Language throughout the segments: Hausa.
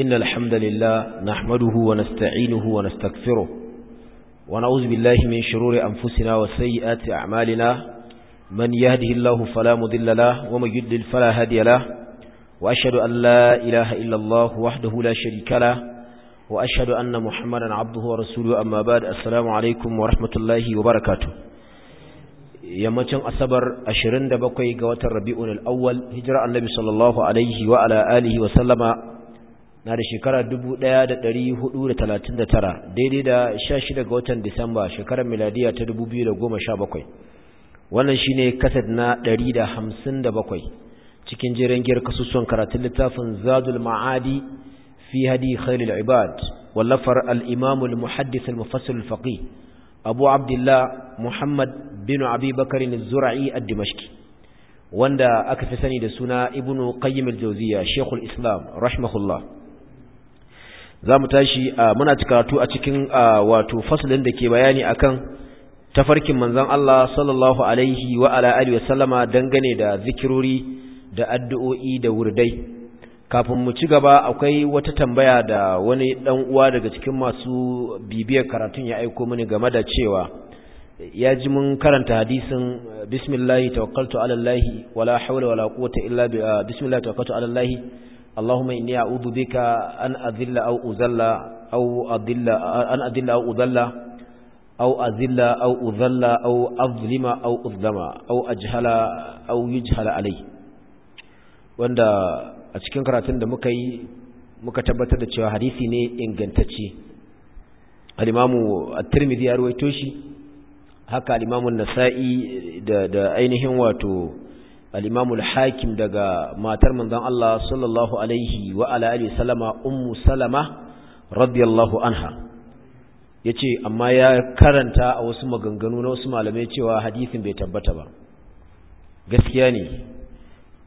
إن الحمد لله نحمده ونستعينه ونستكفره ونعوذ بالله من شرور أنفسنا وسيئات أعمالنا من يهده الله فلا مضل له ومن يدل فلا هادي له وأشهد أن لا إله إلا الله وحده لا شريك له وأشهد أن محمدا عبده ورسوله أما بعد السلام عليكم ورحمة الله وبركاته yammacin asabar 27 ga watan rabi'un al-awwal hijira annabi sallallahu alaihi wa ala alihi wa sallama na da shekara 1439 daidai da 16 ga watan Disamba shekarar miladiya ta 2017 wannan shine kasad na 157 cikin jerin giyar kasusuwan karatun littafin Zadul Ma'adi fi hadi khairul ibad wallafar al-Imam al-Muhaddis al-Mufassir al-Faqih Abu Abdullah Muhammad bin Abi Bakr az-Zura'i ad-Dimashqi wanda aka fi sani da suna Ibn Qayyim al jawziya Sheikhul Islam rahimahullah za mu tashi muna karatu a cikin wato fasalin da ke bayani akan tafarkin manzan Allah sallallahu alaihi wa ala wasallama dangane da zikirori da addu'o'i da wurdai kafin mu ci gaba akwai wata tambaya da wani dan uwa daga cikin masu bibiyar karatun ya aiko mini game da cewa ya ji mun karanta hadisin bismillahi tawakkaltu Allah wala hawla wala quwwata illa bismillahi tawakkaltu اللهم إني أعوذ بك أن أذل أو أذل أو أذل أن أذل أو أذل أو أذل أو أذل أو أظلم أو أظلم أو أجهل أو يجهل علي wanda a cikin karatun da muka yi muka tabbatar da cewa hadisi ne ingantacce al-imamu at ya rawaito shi haka al-imamu da ainihin wato al-imam hakim daga matar manzon Allah sallallahu alaihi wa ala alihi sallama salama radiyallahu anha yace amma ya karanta a wasu maganganu na wasu malamai cewa hadisin bai tabbata ba gaskiya ne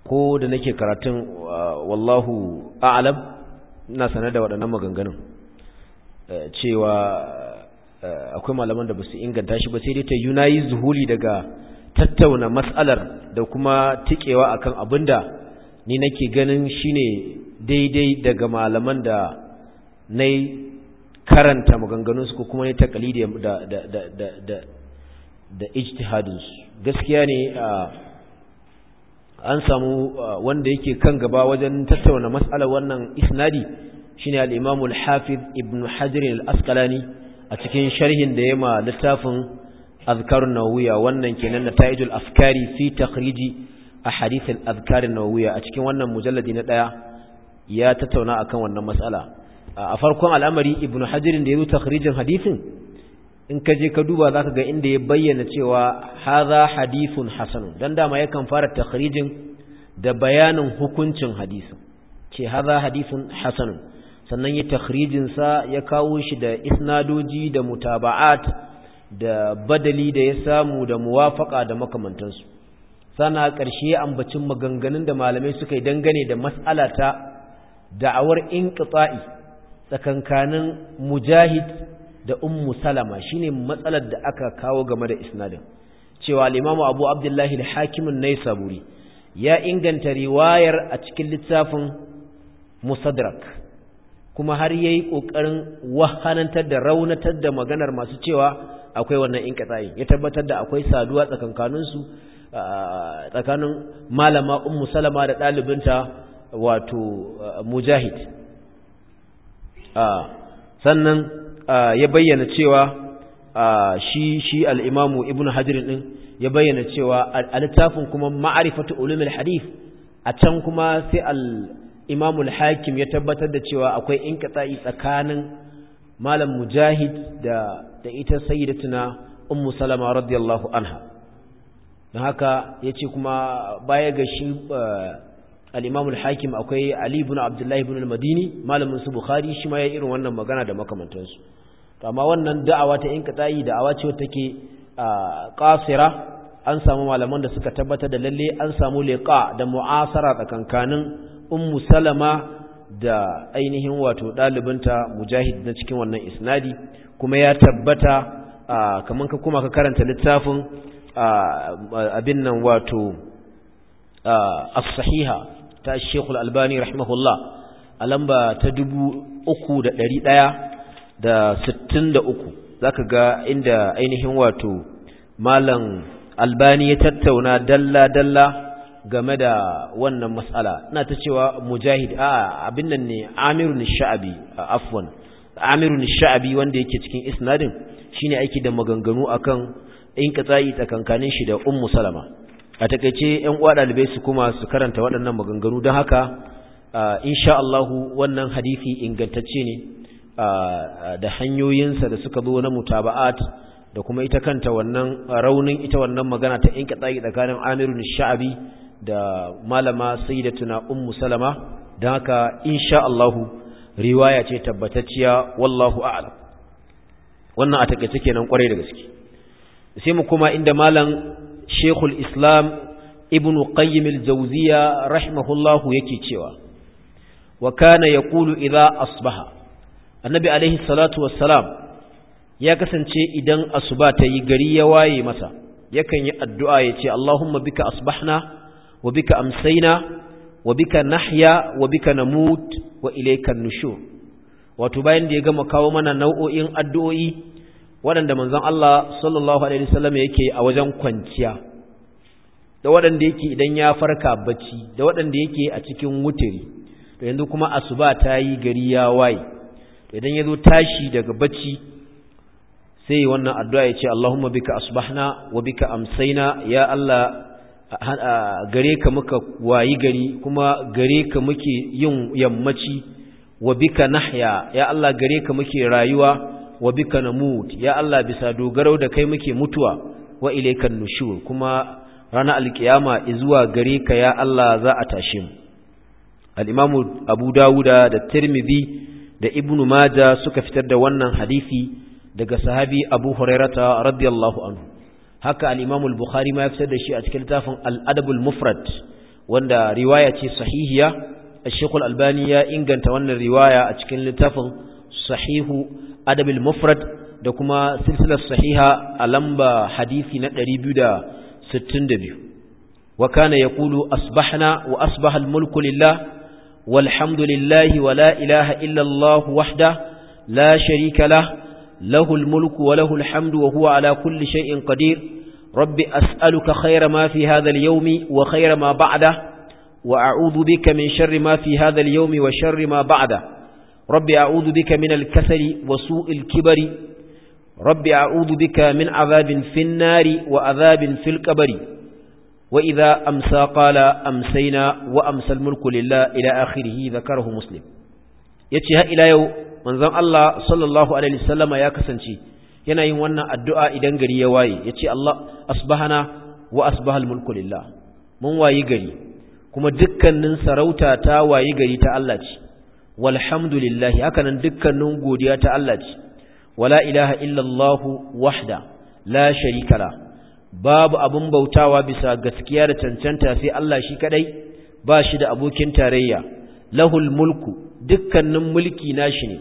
ko da nake karatun uh, wallahu a'lam ina sanar da waɗannan maganganun uh, cewa uh, akwai malaman da ba su inganta shi ba sai dai ta yunayi zuhuli daga tattauna matsalar da kuma tikewa akan abinda ni nake ganin shine daidai daga malaman da na karanta maganganunsu ko kuma ne takalidi da da da da da, su gaskiya ne an samu wanda yake kan gaba wajen tattauna matsalar wannan isnadi shine al-Imam al-Hafiz Ibn Hajar al-Asqalani a cikin sharhin da ma littafin azkarun nawawiya wannan kenan na taijul afkari fi takriji a hadithin azkarin nawawiya a cikin wannan mujalladi na ɗaya ya tattauna akan wannan matsala a farkon al'amari ibnu hajirin da ya zo takrijin hadithin in ka je ka duba zaka ga inda ya bayyana cewa hadha hadithun hasanun dan dama yakan fara takrijin da bayanin hukuncin hadisin ce hadha hadithun hasanun sannan ya takhrijin sa ya kawo shi da isnadoji da mutaba'at da badali da ya samu da muwafaka da makamantansu sana ƙarshe ambacin maganganun da malamai suka yi dangane da matsalata ta da'awar inqita'i tsakankanin mujahid da ummu salama shine matsalar da aka kawo game da isnadin cewa Limamu abu abdullahi da hakimin na saburi ya inganta riwayar a cikin littafin musadrak kuma har yayi ƙoƙarin wahanantar da raunatar da maganar masu cewa akwai wannan in inqita'i ya tabbatar da akwai saduwa tsakankanin tsakanin malama ummu salama da dalibinta wato mujahid sannan ya bayyana cewa shi shi al-imamu ibnu hajar din ya bayyana cewa a littafin kuma ma'rifatu ulumul hadith a can kuma sai al-imamu ya tabbatar da cewa akwai in katsayi tsakanin malam mujahid da da ita sayyidatuna ummu salama radiyallahu anha don haka yace kuma baya ga shi eh, al-imam al-hakim akwai ali ibn abdullahi ibn al-madini malamin su bukhari shi ma ya irin wannan magana da makamantansu to amma wannan da'awa ta inka tayi da'awa ce wacce take eh, qasira an samu malaman da suka tabbatar da lalle an samu liqa da mu'asara tsakankanin ummu salama da ainihin wato dalibinta mujahid na cikin wannan isnadi kuma ya tabbata kamar ka kuma ka karanta littafin abin nan wato as-sahiha ta Sheikh Al-Albani rahimahullah a lamba ta 3163 zaka ga inda ainihin wato malam Albani ya tattauna dalla dalla game da wannan matsala ina ta cewa mujahid a abin nan ne amirun sha'abi afwan amirun sha'abi wanda yake cikin isnadin shine aiki da maganganu akan in katsayi tsakankanin shi da ummu salama a takeice yan uwa dalibai su kuma su karanta waɗannan maganganu don haka insha Allah wannan hadisi ingantacce ne da hanyoyinsa da suka zo na mutaba'at da kuma ita kanta wannan raunin ita wannan magana ta in katsayi tsakanin amirun sha'abi da malama sayyidatuna ummu salama don haka insha Allah riwaya ce tabbatacciya wallahu a'lam wannan a takaice nan kwarai da gaske sai mu kuma inda malam Sheikhul Islam Ibn Qayyim al-Jawziyya rahimahullahu yake cewa wa kana yaqulu idza asbaha annabi Alayhi salatu wassalam ya kasance idan asuba ta yi gari ya waye masa yakan yi addu'a ya ce Allahumma bika asbahna wa bika amsayna wa bika nahya wa bika namut wa ilayka nushur wato bayan da ya gama kawo mana nau'o'in addu'o'i waɗanda manzon Allah sallallahu alaihi wasallam yake a wajen kwanciya da waɗanda yake idan ya farka bacci da waɗanda yake a cikin wutiri to yanzu kuma asuba ta yi gari ya waye to idan yazo tashi daga bacci sai wannan addu'a ya ce Allahumma bika asbahna wa bika amsayna ya Allah gare ka muka wayi gari kuma gare ka muke yin yammaci wa bika nahya ya Allah gare ka muke rayuwa wa bika namut ya Allah bisa dogaro da kai muke mutuwa wa ilaykan nushur kuma rana alkiyama zuwa gare ka ya Allah za a tashi mu al-imam Abu Dawuda da Tirmidhi da Ibn Majah suka fitar da wannan hadisi daga sahabi Abu Hurairah radiyallahu anhu haka alimamul buhari ma ya fitar da shi a cikin littafin al-Adab mufrad wanda riwaya ce sahihiya Al-Sheikh albani ya inganta wannan riwaya a cikin littafin Sahihu Adab al-Mufrad da kuma silsilar sahiha a lamba hadisi na 262 wa kana yaqulu asbahna wa asbahal mulku lillah walhamdulillahi wa la ilaha illa wahda la sharika له الملك وله الحمد وهو على كل شيء قدير رب أسألك خير ما في هذا اليوم وخير ما بعده وأعوذ بك من شر ما في هذا اليوم وشر ما بعده رب أعوذ بك من الكسل وسوء الكبر رب أعوذ بك من عذاب في النار وعذاب في القبر وإذا أمسى قال أمسينا وأمسى الملك لله إلى آخره ذكره مسلم يتشهى إلى يوم manzon Allah sallallahu alaihi wasallama ya kasance yana yin wannan addu'a idan gari ya waye yace Allah asbahana wa asbahal mulku lillah mun waye gari kuma dukkanin sarauta ta wayi gari ta Allah ce lillahi hakanan dukkanin godiya ta Allah ce wala ilaha illallah wahda la sharika la babu abin bautawa bisa gaskiya da cancanta sai Allah shi kadai ba shi da abokin tarayya lahul mulku dukkanin mulki nashi ne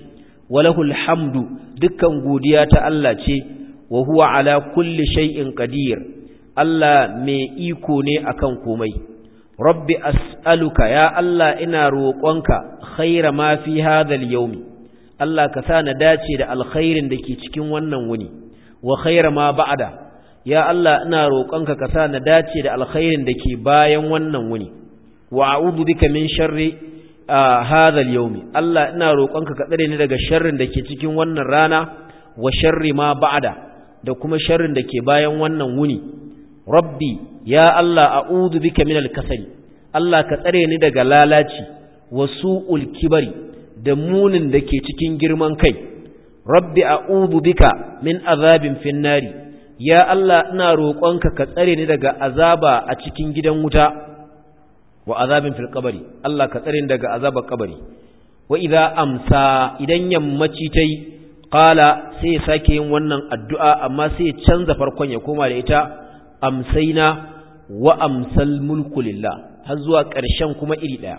walahul hamdu dukkan godiya ta Allah ce wa huwa ala kulli shay'in qadir Allah mai iko ne akan komai rabbi as'aluka ya Allah ina roƙonka khaira ma fi hadha al-yawmi Allah ka sa na dace da alkhairin da ke cikin wannan wuni wa khaira ma ba'da ya Allah ina roƙonka ka sa na dace da alkhairin da ke bayan wannan wuni wa a'udhu bika min sharri A hadal yaumi, Allah ina roƙonka ka tsare ni daga sharrin da ke cikin wannan rana wa sharri ma ba'da da kuma sharrin da ke bayan wannan wuni rabbi ya Allah a'udhu bika minal kasali Allah ka tsare ni daga lalaci wa su'ul kibari da munin da ke cikin girman kai rabbi a'udhu bika min azabin finnari ya Allah ina roƙonka ka tsare ni daga azaba a cikin gidan wuta wa azabin fil qabri Allah ka tsare daga azabar kabari wa idza amsa idan yammaci tai qala sai ya sake yin wannan addu'a amma sai ya canza farkon ya koma da ita amsaina wa amsal mulku lillah har zuwa ƙarshen kuma iri daya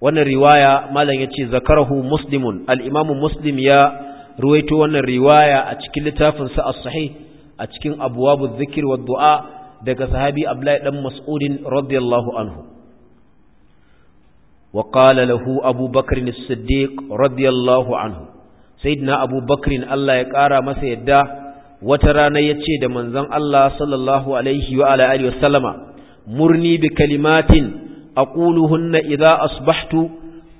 wannan riwaya malam yace zakarahu muslimun al-imam muslim ya ruwaito wannan riwaya a cikin littafin sa as-sahih a cikin abwabu dhikr wa du'a daga sahabi Abdullahi dan Mas'udin radiyallahu anhu وقال له أبو بكر الصديق رضي الله عنه سيدنا أبو بكر الله يقارى ما سيدا وترانا يتشيد من ذن الله صلى الله عليه وعلى آله وسلم مرني بكلمات أقولهن إذا أصبحت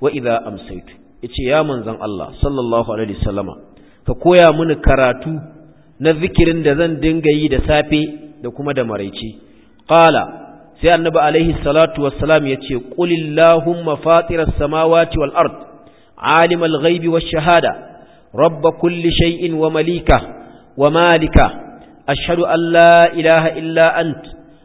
وإذا أمسيت يتشي يا من ذن الله صلى الله عليه وسلم فكويا من كراتو na zikirin da zan dinga yi da safe da kuma da maraice qala sai annabi alaihi salatu wassalam ya ce qulillahumma fatiras samawati wal ard alimul ghaibi wa shahada Rabba kulli shay'in wa malika wa malika ashadu an la ilaha illa ant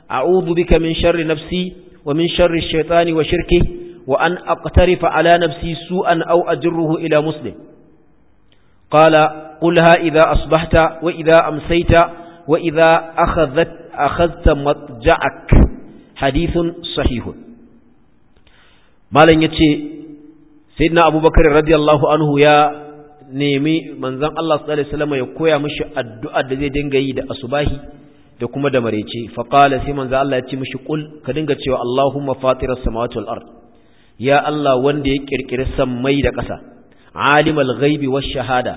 a bika min sharri nafsi wa min sharri ash wa shirki wa an aqtarifa ala nafsi su'an aw ajruhu ila muslim qala qulha idha asbahta wa idha amsayta wa idha akhadhat akhadhta matja'ak hadithun sahihun malam yace sayyidina abubakar radiyallahu anhu ya nemi manzon Allah sallallahu alaihi wasallam ya koya mishi addu'a da zai dinga yi da asubahi da kuma da marece fa qala sai manzon Allah ya ce mishi kul ka dinga cewa Allahumma fatiras samawati wal ard ya Allah wanda ya kirkiri sammai da ƙasa alimul ghaibi wash shahada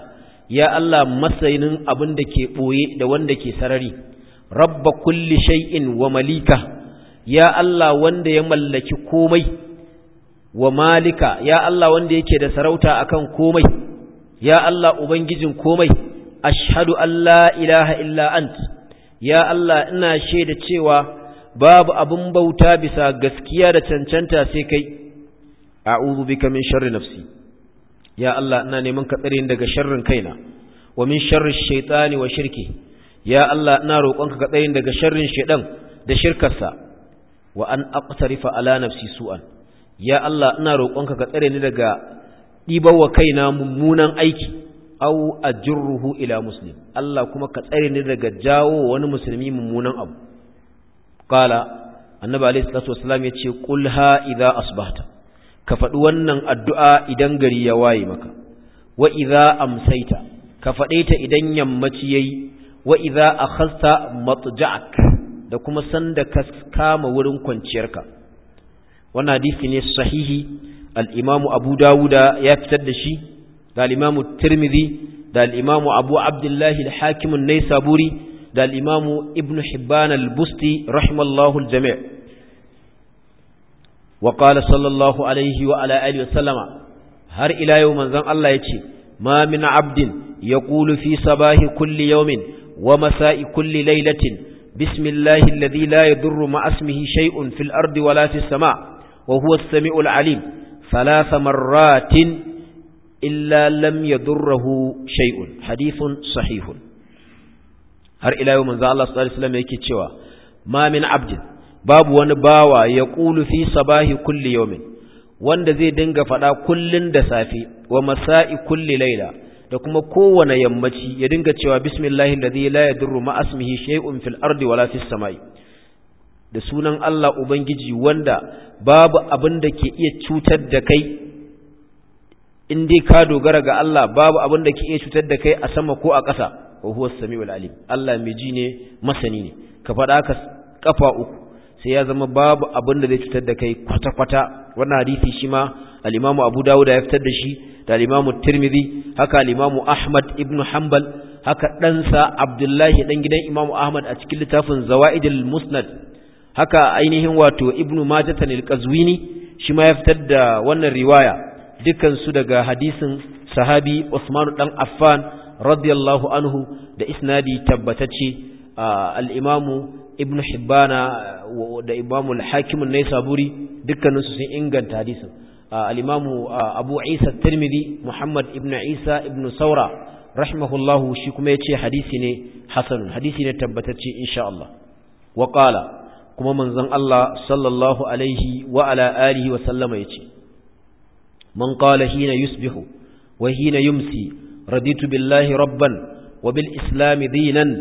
ya Allah masanin abin da ke ɓoye da wanda ke sarari rabba kulli shay'in wa malika ya Allah wanda ya mallaki komai wa malika ya Allah wanda yake da sarauta akan komai ya Allah ubangijin komai ashhadu an la ilaha illa ant ya Allah ina shaida cewa babu abin bauta bisa gaskiya da cancanta sai kai a'udhu bika min sharri nafsi ya Allah ina neman ka tsare daga sharrin kaina wa min sharri shaytani wa shirki ya Allah ina roƙonka ka tsare daga sharrin shaydan da shirkarsa wa an aqtarifa ala nafsi su'an ya Allah ina roƙonka ka tsare ni daga wa kaina mummunan aiki aw ajruhu ila muslim Allah kuma ka tsare ni daga jawo wani musulmi mummunan abu qala annabi alayhi salatu wassalam yace qul ha idza asbahta ka faɗi wannan addu'a idan gari ya waye maka wa idza amsaita ka faɗe ta idan yammaci yayi wa idza akhadta matja'ak da kuma sanda ka kama wurin kwanciyarka wannan hadisi ne sahihi al-imamu abu dawuda ya fitar da shi da al-imamu tirmidhi da al-imamu abu abdullahi al-hakim an-naisaburi da al-imamu ibn hibban al-busti rahimallahu al-jami' wa qala sallallahu alayhi wa ala alihi wa sallama har ila yau manzon Allah yace ma min abdin yaqulu fi sabahi kulli yawmin wa masa'i kulli laylatin بسم الله الذي لا يضر مع اسمه شيء في الأرض ولا في السماء وهو السميع العليم ثلاث مرات إلا لم يضره شيء حديث صحيح har ila yau manzo Allah sallallahu alaihi wasallam yake cewa mamin abdi babu wani bawa ya qulu fi sabahi kulli yawmin wanda zai dinga fada kullun da safe wa masa'i kulli laila da kuma kowane yammaci ya dinga cewa bismillahi da la yadurru ma asmihi shay'un fil ardi wala fis samai da sunan Allah ubangiji wanda babu abin da ke iya cutar da kai in dai ka dogara ga Allah babu abin da ke iya cutar da kai a sama ko a ƙasa wa huwa samiul alim Allah mai ji ne masani ne ka faɗa ka kafa uku sai ya zama babu abin da zai cutar da kai kwata-kwata wannan hadisi shi ma al-Imam Abu Dawud ya fitar da shi da limamu tirmidhi haka limamu ahmad ibn hanbal haka ɗansa abdullahi ɗan gidan imamu ahmad a cikin littafin zawa'idul musnad haka ainihin wato ibn majatan al-qazwini shi ma ya fitar da wannan riwaya dukkan su daga hadisin sahabi usman dan affan radiyallahu anhu da isnadi tabbatacce al-imamu ibn hibbana da imamu al-hakim an-naisaburi dukkanin su sun inganta hadisin al-imamu abu isa tirmidhi muhammad ibn isa ibn saura rahimahullahu shi kuma yace hadisi ne hasanun hadisi ne tabbatacce insha Allah wa kuma manzon Allah sallallahu alaihi wa ala wa sallama yace man qala hina yusbihu wa hina yumsi raditu billahi rabban wa bil islam dinan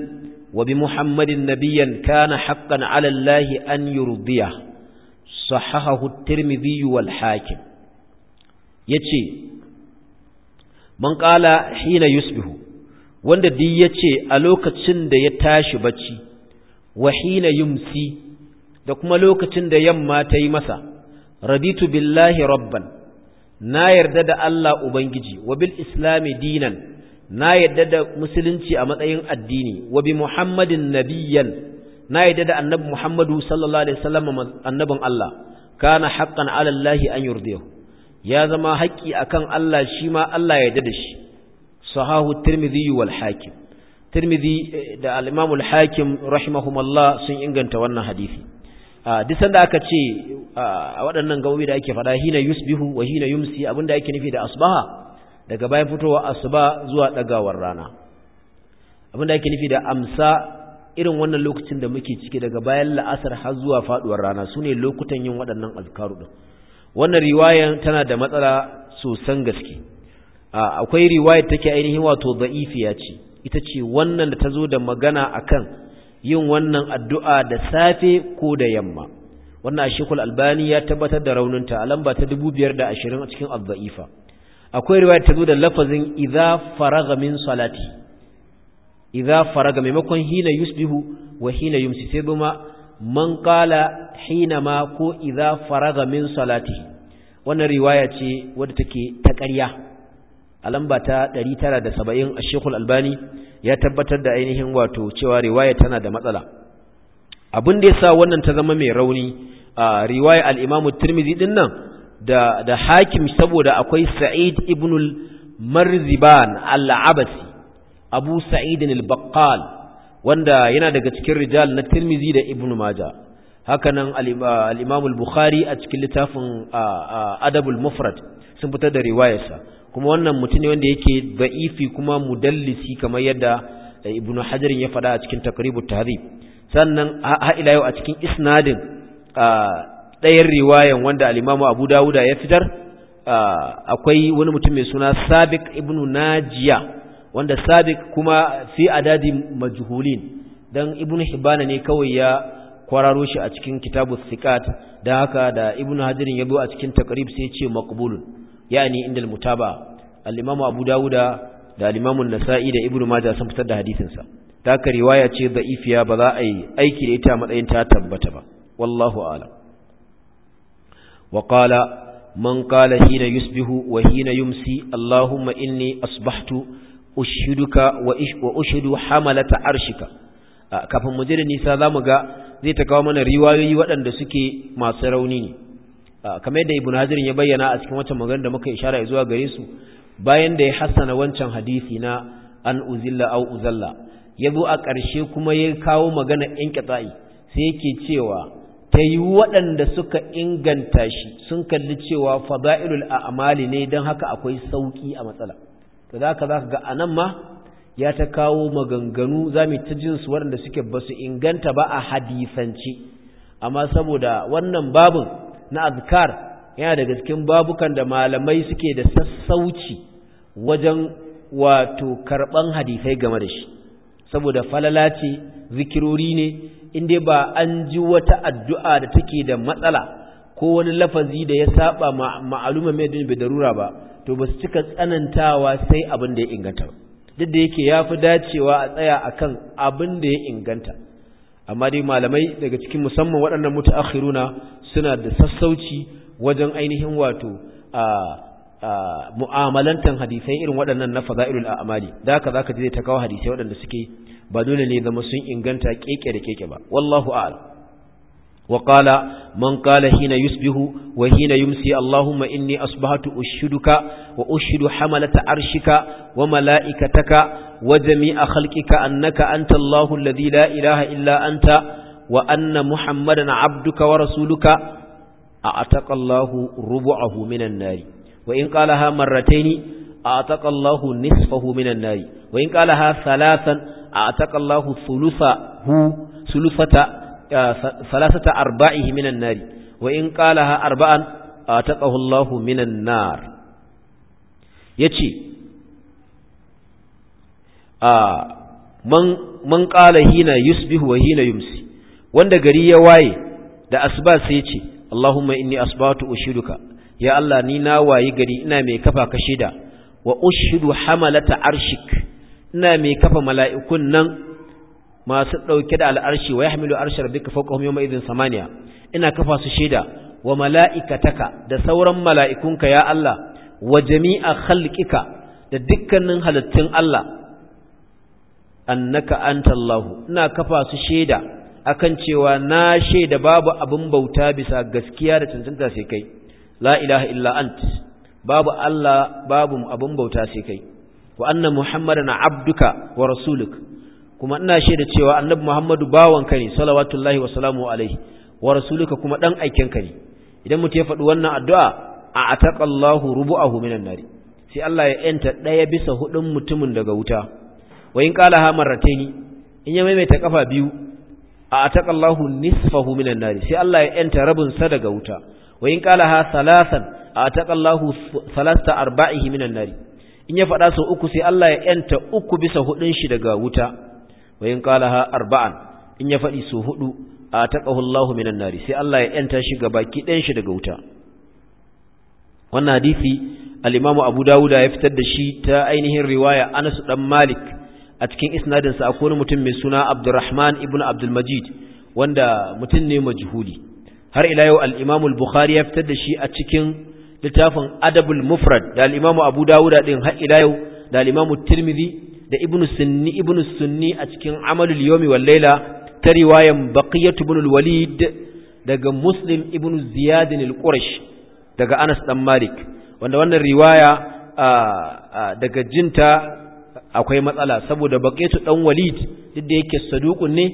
muhammadin nabiyyan kana haqqan ala allahi an yurdiya sahahahu at-tirmidhi wal hakim yace man qala hina yusbihu wanda duk yace a lokacin da ya tashi bacci wa hina yumsi da kuma lokacin da yamma ta yi masa raditu billahi rabban na yarda da Allah ubangiji wa bil islami dinan na yarda da musulunci a matsayin addini wa bi muhammadin nabiyyan na yarda da annabi muhammadu sallallahu alaihi wasallam annabin Allah kana haqqan ala allahi an yurdihu ya zama haƙƙi akan Allah shi ma Allah ya yarda da shi sahahu tirmidhi wal hakim tirmidhi eh, da al-imam al-hakim rahimahumallah sun inganta wannan hadisi ah, duk sanda aka ce ah, a waɗannan gawobi da ake faɗa hina yusbihu wa hina yumsi abinda ake nufi da asbaha daga bayan fitowa asuba zuwa ɗagawar rana abinda ake nufi da amsa irin wannan lokacin da muke ciki daga bayan la'asar har zuwa faɗuwar rana sune lokutan yin waɗannan azkaru din wannan riwayan tana da matsala sosan gaske akwai riwayar take ainihin wato da'ifiya ce ita ce wannan da ta zo da magana a kan yin wannan addu'a da safe ko da yamma wannan ashekul albani ya tabbatar da rauninta a lamba ta dubu biyar da ashirin a cikin abda'ifa akwai riwayar ta zo da lafazin idza faraga min salati idza faraga maimakon hina yusbihu wa hina yumsi sai buma man kala hina ma ko idza faraga min salati wannan riwaya ce wadda take ta ƙarya a lamba ta 970 a Sheikhul Albani ya tabbatar da ainihin wato cewa riwaya tana da matsala abin da yasa wannan ta zama mai rauni a riwaya al-Imam Tirmidhi din nan da da Hakim saboda akwai Sa'id ibn al-Marziban al-Abasi Abu Sa'id al-Baqqal wanda yana daga cikin rijal na tirmizi da ibn maja hakanan al-imam al-bukhari a cikin littafin adabul mufrad sun fitar da riwayarsa kuma wannan mutum ne wanda yake da'ifi kuma mudallisi kamar yadda eh, ibn hajar ya faɗa a cikin takribut tahrib sannan ha ila yau a cikin isnadin ɗayan riwayan wanda al-imam abu dawuda ya fitar akwai wani mutum mai suna sabiq ibn najiya wanda sabik kuma fi adadi majhulin dan ibnu hibana ne kawai ya kwararo shi a cikin kitabu sikat da haka da ibnu ya yabo a cikin takrib sai ce maqbul yani inda mutaba al-imamu abu dauda da al-imamu nasai da ibnu majah sun fitar da hadisin sa ta ka riwaya ce da'ifiya ba za a yi aiki da ita matsayin ta tabbata ba wallahu a'lam wa qala man qala hina yusbihu wa hina yumsi allahumma inni asbahtu ushiduka wa ushidu hamalata arshika kafin mu je da nisa za mu ga zai ta kawo mana riwayoyi waɗanda suke masu rauni ne kamar yadda ibn hajirin ya bayyana a cikin wancan magana da muka ishara zuwa gare su bayan da ya hassana wancan hadisi na an uzilla au uzalla ya zo a ƙarshe kuma ya kawo magana yan ƙasa'i sai yake cewa ta yi waɗanda suka inganta shi sun kalli cewa fada'ilul a'amali ne don haka akwai sauƙi a matsala to za ka za ka ga a nan ma ya ta kawo maganganu za mu ta jinsu waɗanda suke ba su inganta ba a hadisance amma saboda wannan babin na azkar yana daga cikin babukan da malamai suke da sassauci wajen wato karɓan hadisai game da shi saboda falala ce zikirori ne inda ba an ji wata addu'a da take da matsala ko wani lafazi da ya saba ma'aluma mai da darura ba to ba su cika tsanantawa sai abin da ya inganta duk da yake ya fi dacewa a tsaya akan abin da ya inganta amma dai malamai daga cikin musamman waɗannan mutaakhiruna suna da sassauci wajen ainihin wato a mu'amalantan hadisai irin waɗannan na fada'ilul a'mali da haka zaka je ta kawo hadisai waɗanda suke ba dole ne zama sun inganta keke da keke ba wallahu a'lam وقال من قال حين يسبه وحين يمسي اللهم إني أصبحت أشهدك وأشهد حملة عرشك وملائكتك وجميع خلقك أنك أنت الله الذي لا إله إلا أنت وأن محمدا عبدك ورسولك أعتق الله ربعه من النار وإن قالها مرتين أعتق الله نصفه من النار وإن قالها ثلاثا أعتق الله ثلثه ثلثة salasata arba'ihi minan nari wa in ha arba'an ataqahu Allahu minan nar a man hina yusbihu wa hina wanda gari ya waye da asuba sai yace Allahumma inni asbatu ushiduka ya Allah ni na waye gari ina mai kafa ka shida wa ushidu hamalata arshik ina mai kafa mala'ikun nan masu ɗauke da al'arshi wa yahmilu arshar bika hum yawma idhin samaniya ina kafa su shaida wa mala'ikataka da sauran mala'ikunka ya Allah wa jami'a khalqika da dukkanin halittun Allah annaka antallahu ina kafa su shaida akan cewa na shaida babu abin bauta bisa gaskiya da tantanta sai kai la ilaha illa ant babu Allah babu abin bauta sai kai wa anna muhammadan abduka wa rasuluka. kuma ina shaida cewa annabi Muhammadu bawanka ne salawatullahi wa salamu alaihi wa rasuluka kuma dan aikenka ne idan mutum ya faɗi wannan addu'a a ataqallahu rubu'ahu minan nari sai Allah ya yanta ɗaya bisa hudun mutumin daga wuta wa in qala ha marrataini in ya maimaita kafa biyu a ataqallahu nisfahu minan nari sai Allah ya yanta rabin sa daga wuta wa in qala ha salasan a ataqallahu salasta arba'ihi minan nari in ya faɗa sau uku sai Allah ya yanta uku bisa hudun shi daga wuta wa in qalaha arba'an in ya faɗi su hudu a taqahu Allahu minan nari sai Allah ya yanta shi baki ɗayan shi daga wuta wannan hadisi al-Imam Abu Dawud ya fitar da shi ta ainihin riwaya Anas dan Malik a cikin isnadin sa akwai mutum mai suna Abdurrahman ibn Abdul Majid wanda mutum ne majhuli har ila yau al-Imam al-Bukhari ya fitar da shi a cikin littafin Adabul Mufrad da al-Imam Abu Dawud din har ila yau da al-Imam Tirmidhi da ibnu sunni ibnu sunni a cikin amalul yawmi wal laila ta riwayan baqiyat ibn walid daga muslim ibnu ziyad al-qurash daga anas dan malik wanda wannan riwaya daga jinta akwai matsala saboda baqiyat dan walid duk da yake saduqun ne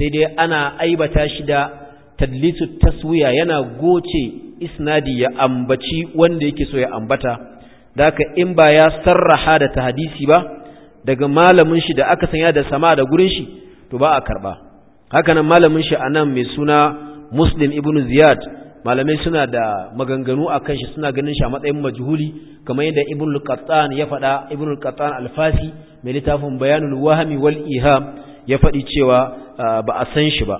sai dai ana aibata shi da tadlisu taswiya yana goce isnadi ya ambaci wanda yake so ya ambata daka in ba ya sarraha da ta ba daga malamin shi da aka sanya da sama da gurin shi to ba a karba hakanan malamin shi anan mai suna muslim ibnu ziyad malamai suna da maganganu a kan shi suna ganin shi a matsayin majhuli kamar yadda ibn al ya faɗa ibn al al-fasi mai littafin bayanul wahmi wal iham ya faɗi cewa ba a san shi ba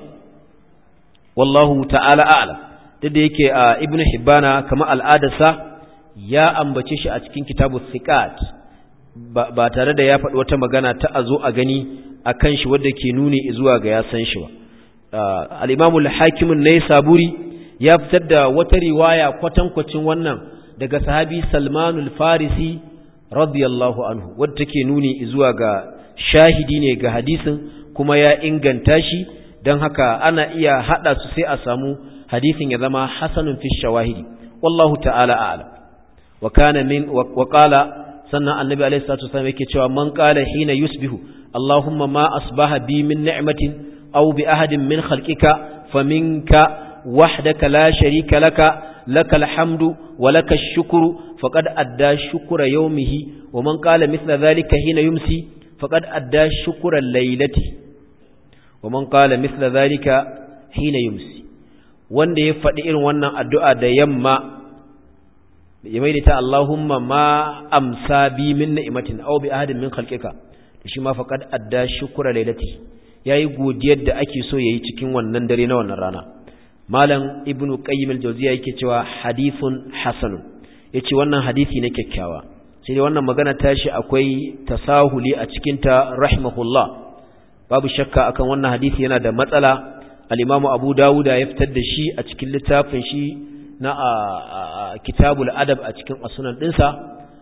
wallahu ta'ala a'lam duk da yake ibn hibbana kamar al'adarsa ya ambace shi a cikin kitabu siqat ba tare da ya faɗi wata magana ta a zo a gani a kan shi wadda ke nuni zuwa ga ya san shi ba al'imamul hakimin na saburi ya fitar da wata riwaya kwatankwacin wannan daga sahabi salmanul farisi radiyallahu anhu wadda take nuni zuwa ga shahidi ne ga hadisin kuma ya inganta shi don haka ana iya haɗa su sai a samu hadisin ya zama hasanun fi shawahidi wallahu ta'ala a'ala wa kana sannan annabi alaihi salatu wasallam yake cewa man qala hina yusbihu allahumma ma asbaha bi min ni'matin aw bi ahadin min khalqika faminka wahdaka la sharika laka lakal hamdu wa lakash shukru faqad adda shukra yawmihi wa man qala mithla dhalika hina yumsi faqad adda shukra laylati wa man qala mithla dhalika hina yumsi wanda ya faɗi irin wannan addu'a da yamma ya mai ta Allahumma ma amsa bi min ni'matin aw bi ahadin min khalqika shi ma faqad adda shukra lailati yayi godiyar da ake so yayi cikin wannan dare na wannan rana malam ibnu qayyim al-jawziya yake cewa hadithun hasan yace wannan hadisi ne kyakkyawa sai dai wannan magana tashi akwai tasahuli a cikin ta rahimahullah babu shakka akan wannan hadisi yana da matsala al-imamu abu dawuda ya fitar da shi a cikin littafin shi na kitabul adab a cikin asunan ɗinsa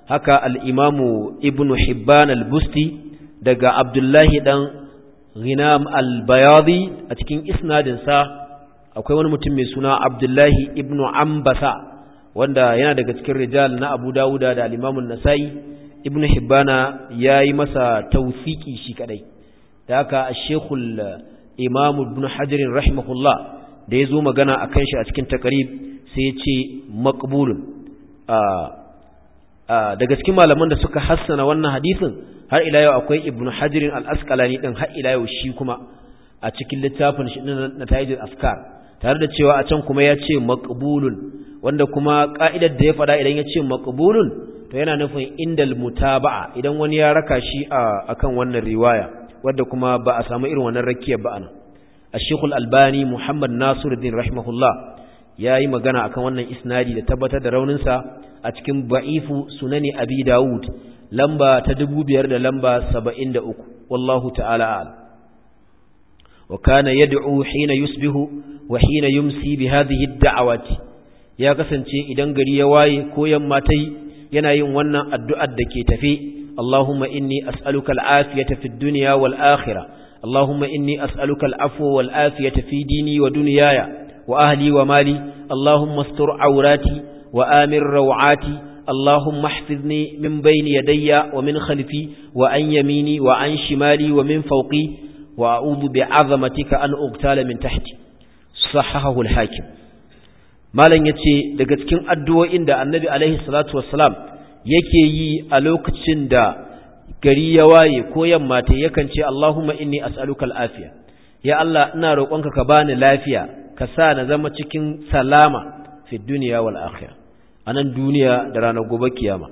haka al'imamu ibn hibban al-busti daga abdullahi ɗan ghinam al-bayadi a cikin isnadinsa akwai wani mutum mai suna abdullahi ibn ambasa wanda yana daga cikin rijal na abu dawuda da al'imamun nasa'i ibn hibbana ya yi masa taufiki shi kadai da haka shekul imamu ibn hajjirin rahimahullah da ya zo magana a kan shi a cikin takarib sai ce makbulun daga cikin malaman da suka hassana wannan hadisin har ila yau akwai ibnu hajirin al-asqalani din har ila yau shi kuma a cikin littafin shi na tajir askar tare da cewa a can kuma ya ce makbulun wanda kuma ka'idar da ya faɗa idan ya ce makbulun to yana nufin indal mutaba'a idan wani ya raka shi akan wannan riwaya wanda kuma ba a samu irin wannan rakiyar ba anan الشيخ shaykh al-albani muhammad nasiruddin rahimahullah ya yi magana akan wannan isnadi da tabbatar da rauninsa a cikin ba'ifu sunani abi dawud lamba ta dubu biyar da lamba saba'in da uku wallahu ta'ala al wa kana yad'u hina yusbihu wa hina yumsi bi hadhihi ad-da'awati ya kasance idan gari ya waye ko yamma tai yana yin wannan addu'ar da ke tafe Allahumma inni as'aluka al-afiyata fid dunya wal akhirah Allahumma inni as'aluka al-afwa wal afiyata fi dini wa dunyaya وأهلي ومالي اللهم استر عوراتي wa روعاتي اللهم احفظني من بين يدي ومن خلفي وعن يميني وعن شمالي ومن فوقي وأعوذ بعظمتك أن أغتال من تحتي صححه الحاكم malam ya ce daga cikin addu'o'in da annabi alaihi salatu wasalam yake yi a lokacin da gari ya waye ko yamma ta yakan ce allahuma inni as'aluka afiya ya Allah ina roƙonka ka bani lafiya ka sa na zama cikin salama fi duniya wal akhira anan duniya da ranar gobe kiyama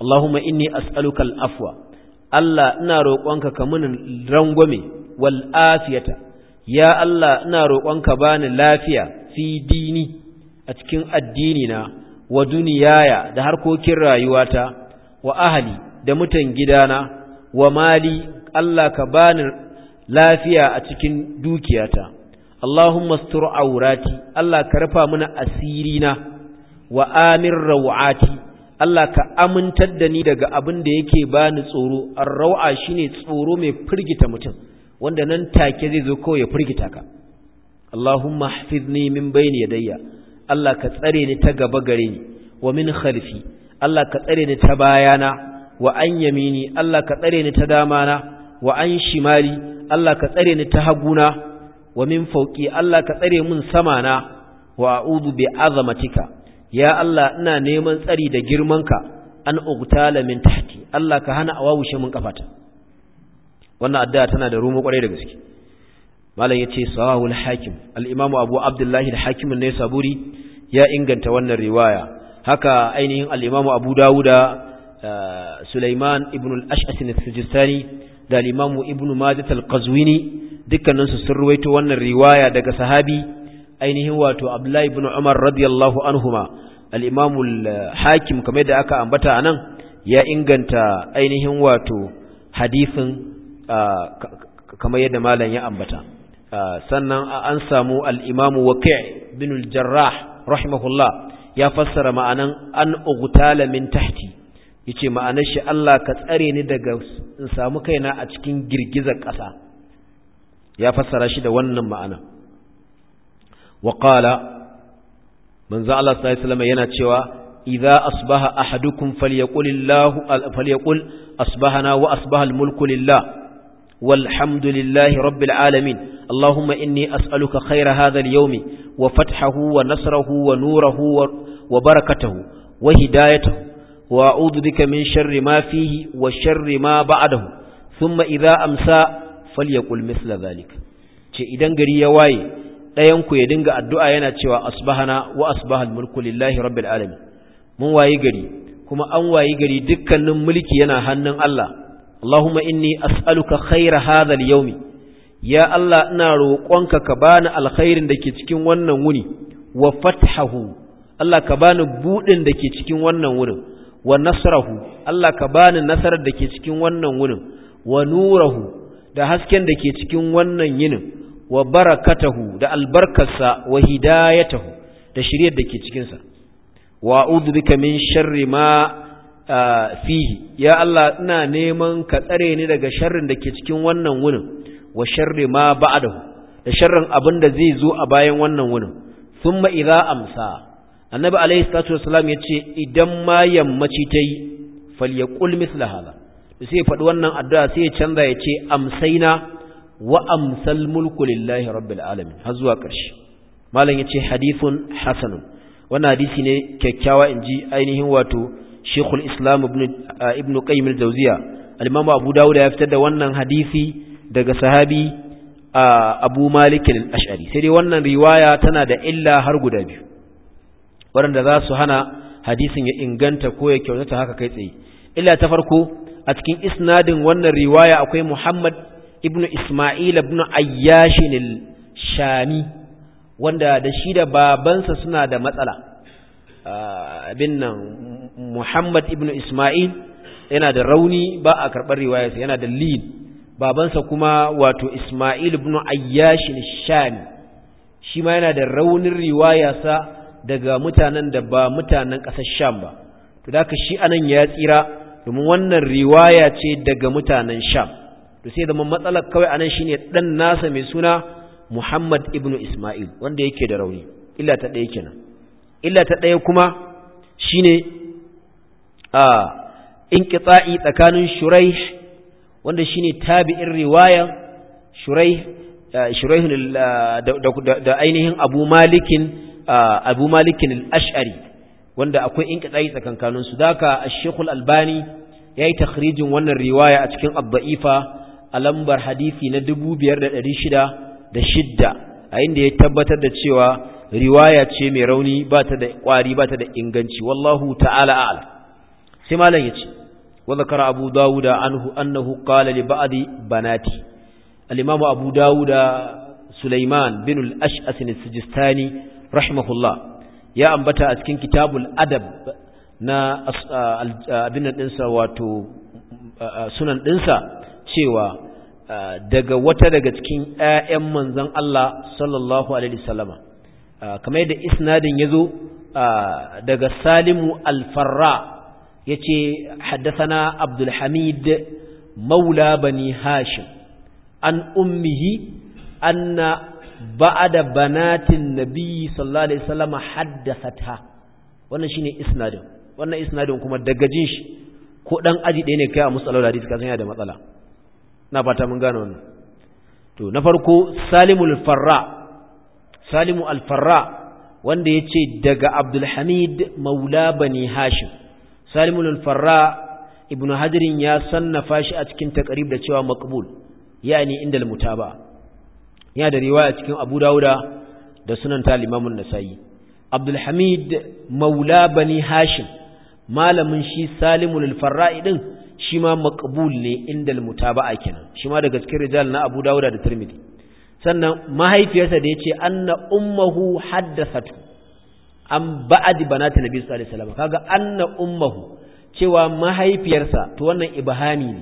Allahumma inni as'aluka al-afwa Allah ina roƙonka ka mun rangwame wal afiyata ya Allah ina roƙonka bani lafiya fi dini a cikin addini na wa duniyaya da harkokin rayuwata wa ahli da mutan gidana wa mali Allah ka bani lafiya a cikin dukiyata Allahumma astur aurati Allah ka rafa mana na wa amin rawati Allah ka amintar da ni daga abin da yake bani tsoro ar-rawa shine tsoro mai firgita mutum wanda nan take zai zo kawai ya firgita ka Allahumma hafizni min ya yadayya Allah ka tsare ni ta gaba gare ni wa min khalfi Allah ka tsare ni ta bayana wa an yamini Allah ka tsare ni ta na. wa an shimali Allah ka tsare ni ta haguna wa min fauki Allah ka tsare mun sama na wa a'udhu bi azamatika ya Allah ina neman tsari da girmanka an ugtala min tahti Allah ka hana awawushe mun kafata wannan addu'a tana da rumo kwarai da gaske malam yace sawahul hakim al-imam abu abdullahi al-hakim ne saburi ya inganta wannan riwaya haka ainihin al-imam abu dawuda eh, Sulaiman ibn al-Ash'as al-Sijistani da al-Imam Ibn Majah al-Qazwini dukkaninsu sun ruwaito wannan riwaya daga sahabi ainihin wato abdullahi ibn umar radiyallahu anhuma al-imam al-hakim kamar da aka ambata anan ya inganta ainihin wato hadisin kamar yadda malam ya ambata sannan an samu al-imam waqi' bin al-jarrah rahimahullah ya fassara ma'anan an ugtala min tahti yace ma'anar shi Allah ka tsare ni daga in samu kaina a cikin girgizar ƙasa ya fassara shi da wannan ma'ana wa qala manzo Allah sallallahu alaihi wasallam yana cewa idza asbaha ahadukum falyaqulillahu falyaqul asbahana wa asbaha almulku lillah والحمد لله رب العالمين اللهم إني أسألك خير هذا اليوم وفتحه ونصره ونوره وبركته وهدايته وأعوذ بك من شر ما فيه وشر ما بعده ثم إذا أمسى falyakul misla zalik ce idan gari ya waye ɗayanku ku ya dinga addu'a yana cewa asbahana wa asbahal mulku lillahi rabbil alamin mun waye gari kuma an waye gari dukkanin mulki yana hannun Allah Allahumma inni as'aluka khayra hadha al-yawmi ya Allah ina roƙonka ka bani alkhairin da cikin wannan wuni wa fathahu Allah ka bani budin da cikin wannan wurin wa nasrahu Allah ka bani nasarar dake cikin wannan wurin wa nurahu da hasken da ke cikin wannan yinin wa barakatahu da albarkarsa wa hidayatahu da shiryar da ke cikinsa wa a'udhu min sharri ma fihi ya Allah ina neman ka tsare ni daga sharrin da ke cikin wannan wunin wa sharri ma ba'dahu da sharrin abin da zai zo a bayan wannan wunin thumma idza amsa annabi alaihi salatu ya yace idan ma yammaci tayi falyaqul mithla hadha sai faɗi wannan addu'a sai ya canza ya ce amsaina wa amsal mulku lillahi rabbil alamin har zuwa ƙarshe malam ya ce hadithun hasanun wannan hadisi ne kyakkyawa ji ainihin wato shekul Islam ibn ah, ibn Qayyim al-Jawziya al-Imam Abu Dawud ya fitar da wannan hadisi daga sahabi ah, Abu Malik al-Ash'ari sai dai wannan riwaya tana da illa har guda biyu waɗanda za su hana hadisin ya inganta ko ya kyautata haka kai tsaye illa ta farko a cikin isnadin wannan riwaya akwai Muhammad ibn Ismail ibn Ayyash al-Shami wanda da shi da babansa suna da matsala abin nan Muhammad ibn Ismail yana da rauni ba a karɓar riwayarsa yana da lead babansa kuma wato Ismail ibn Ayyash al-Shami shi ma yana da raunin riwayarsa daga mutanen da ba mutanen ƙasar Sham ba to da shi anan ya tsira domin wannan riwaya ce daga mutanen sham to sai zama matsalar kawai anan shine dan nasa mai suna Muhammad ibn Isma'il wanda yake da rauni illa ta ɗaya kenan illa ta ɗaya kuma shine a inqita'i tsakanin Shuraih wanda shine tabi'in riwaya Shuraih Shuraih da ainihin Abu Malikin Abu al-Ash'ari wanda akwai in kitsayi tsakankanin su daka ash-shaykh albani albani yayi takhrijin wannan riwaya a cikin abba'ifa a lambar hadisi na da shidda, a inda ya tabbatar da cewa riwaya ce mai rauni ba ta da ƙwari ba ta da inganci wallahu ta'ala a'lam sai malam yace wa zakara abu dawuda anhu annahu qala li ba'di banati al-imam abu dawuda sulaiman bin al-ash'as al-sijistani rahimahullah ya ambata a cikin kitabul adab na uh, uh, abin ɗinsa wato uh, sunan ɗinsa cewa daga wata daga cikin 'ya'yan manzan Allah sallallahu alaihi wasallama kamar yadda isnadin ya zo daga salimu alfarra ya ce haddasana abdulhamid maula bani hashim an ummihi anna بنات banatin صلى الله عليه وسلم حدثتها wannan shine isnadin wannan isnadin kuma daga jin shi ko dan aji ɗaya ne kai a musallar hadisi kasan yana da matsala na fata mun gano wannan to na farko salimul farra salimu al-farra wanda yace daga abdul hamid maula bani hashim salimul farra ibnu hadirin ya sannafa shi a cikin taqrib da cewa maqbul yani al mutaba'a yana da riwaya cikin Abu Dawuda da sunan ta nasayi abdulhamid Abdul Maula Bani Hashim malamin shi Salimul al din shi ma maqbul ne inda al-mutaba'a kenan shi ma daga cikin rijal na Abu Dawuda da Tirmidhi sannan mahaifiyarsa da yace anna ummuhu haddathat an ba'adi banati nabi sallallahu alaihi wasallam kaga anna ummuhu cewa mahaifiyarsa to wannan ibhami ne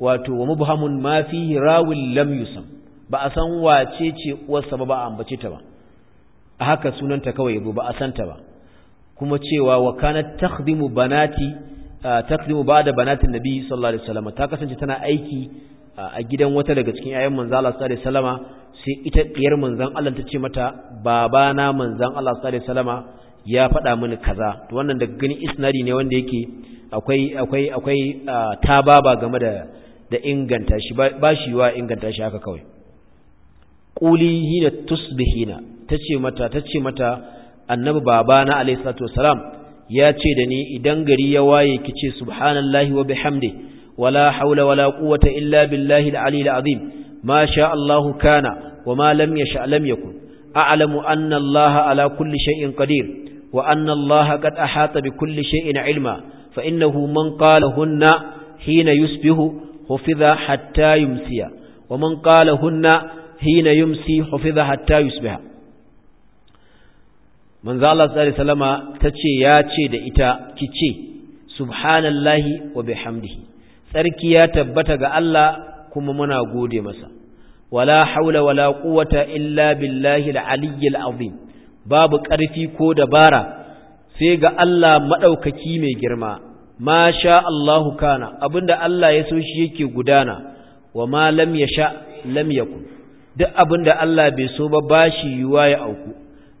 wato wa mubhamun ma fihi rawil lam yusam ba a san wace ce uwarsa ba ba a ambace ta ba a haka sunanta kawai yabo ba a ta ba kuma cewa wa kana takhdimu banati takhdimu ba'da banatin nabi sallallahu alaihi wasallam ta kasance tana aiki a gidan wata daga cikin ayyan manzo Allah sallallahu alaihi wasallam sai ita diyar manzon Allah ta ce mata babana manzon Allah sallallahu alaihi wasallama ya faɗa mini kaza to wannan daga gani isnadi ne wanda yake akwai akwai akwai baba game da da inganta shi ba shi wa inganta shi haka kawai quli hina tusbihina tace mata tace mata annabi babana alayhi salatu wasalam ya ce da ni idan gari ya waye kice subhanallahi wa bihamdi wala haula wala quwwata illa billahi al-ali al-azim ma sha Allah kana wa ma lam yasha lam yakun a'lamu anna Allah ala kulli shay'in qadir wa anna Allah qad ahata bi kulli shay'in ilma fa innahu man qala hunna hina yusbihu hufiza hatta yumsiya wa man qala hunna hina yumsi hufiza hatta yusbiha manzo Allah sallallahu alaihi wasallama tace ya ce da ita kice subhanallahi wa bihamdihi sarki ya tabbata ga Allah kuma muna gode masa wala haula wala quwwata illa billahi al-aliyyil azim babu ƙarfi ko dabara sai ga Allah maɗaukaki mai girma masha Allahu kana abinda Allah ya so shi yake gudana wa malam ya sha lam yakun duk abin da Allah bai so ba bashi yuwa ya auku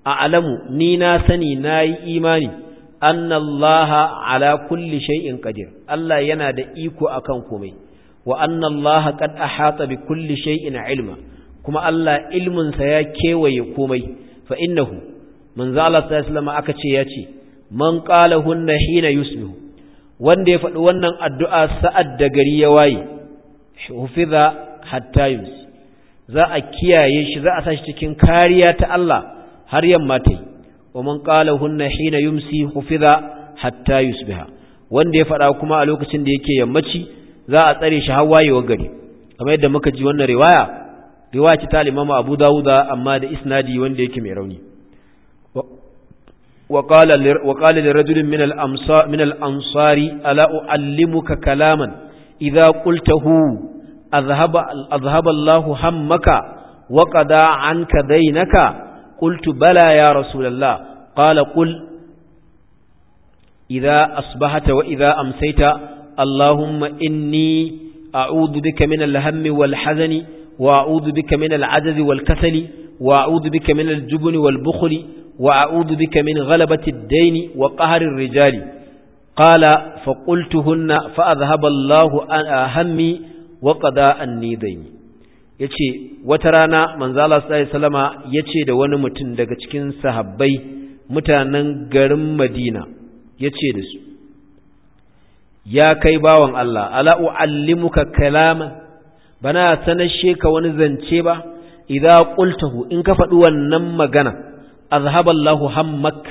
a alamu ni na sani na yi imani annallaha ala kulli shay'in qadir Allah yana da iko akan komai wa annallaha qad ahata bi kulli shay'in ilma kuma Allah ilmin sa ya kewaye komai fa innahu manzo Allah sallallahu aka ce ya ce man qala hunna hina yusbihu wanda ya faɗi wannan addu'a sa'ad da gari ya waye hufiza hatta yumsi za a kiyaye shi za a sashi cikin kariya ta Allah har yamma ta yi wa man qala hunna hina yumsi hufiza hatta yusbiha wanda ya faɗa kuma a lokacin da yake yammaci za a tsare shi har wayewar gari kamar yadda muka ji wannan riwaya riwaya ce ta Imam Abu Dawuda amma da isnadi wanda yake mai rauni وقال da لرجل من الامصار من الانصار الا kalaman كلاما اذا azhaba Allahu hammaka wa qada anka dainaka qultu bala ya rasulullah qala qul idza asbahata wa idza amsayta allahumma inni a'udhu bika min al-hammi wal hazani wa a'udhu bika min al-'ajzi wal kasali wa a'udhu bika min al-jubni wal bukhli wa a'udhu bika min ghalabati ad-dayn wa qahri ar-rijali قال فقلتهن فأذهب الله همي wa qada anni Ya yace wata rana manzo Allah sallallahu alaihi wasallama yace da wani mutum daga cikin sahabbai mutanen garin Madina yace da su ya kai bawan Allah ala uallimuka kalama bana sanashe ka wani zance ba idza qultahu in ka faɗi wannan magana azhaballahu hammak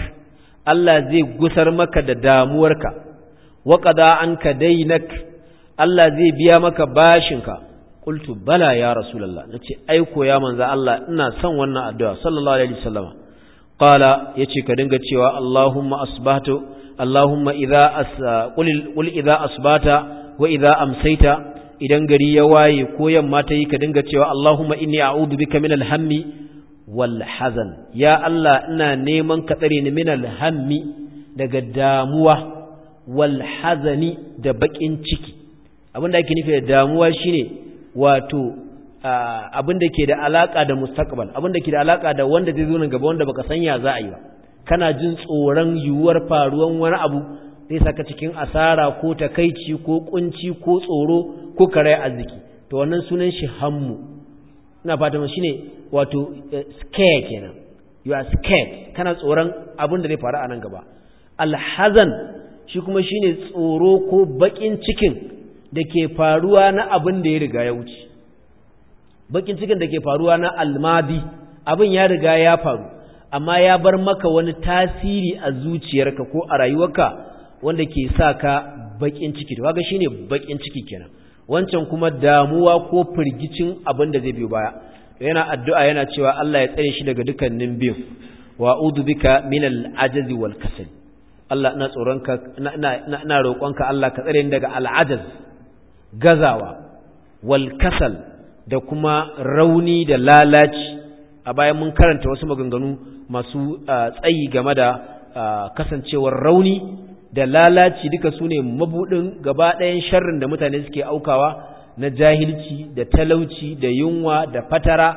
Allah zai gusar maka da damuwarka wa qada anka dainak Allah zai biya maka bashinka qultu bala ya rasulullah nace ai ko ya manzo Allah ina son wannan addu'a sallallahu alaihi wasallama qala yace ka dinga cewa allahumma asbahtu allahumma idza qul qul idza asbata wa idza amsayta idan gari ya waye ko yamma ta yi ka dinga cewa allahumma inni a'udhu bika minal hammi wal hazan ya Allah ina neman ka tsare ni minal hammi daga damuwa wal hazani da bakin ciki abin da ake nufi da damuwa shine wato abin da ke da alaka da mustaqbal abin da ke da alaka da wanda zai zo nan gaba wanda baka sanya za a yi ba kana jin tsoron yiwuwar faruwan wani abu zai saka cikin asara ko takaici ko kunci ko tsoro ko karai arziki to wannan sunan shi hammu ina fata shine wato eh, scare kenan you are scared kana tsoron abin da zai faru a nan gaba alhazan shi kuma shine tsoro ko bakin cikin da ke faruwa na abin da ya riga ya wuce bakin cikin da ke faruwa na almadi abin ya riga ya faru amma ya bar maka wani tasiri a zuciyarka ko a rayuwarka wanda ke sa ka bakin ciki to kaga shine bakin ciki kenan wancan kuma damuwa ko firgicin abin da zai biyo baya yana addu'a yana cewa Allah ya tsare shi daga dukkanin biyu wa a'udhu bika minal ajazi wal kasal Allah ina tsoronka ina roƙonka Allah ka tsare daga al gazawa wal kasal da kuma rauni da lalaci a bayan mun karanta wasu maganganu masu tsayi game da kasancewar rauni da lalaci duka su ne mabuɗin gaba ɗayan sharrin da mutane suke aukawa na jahilci da talauci da yunwa da fatara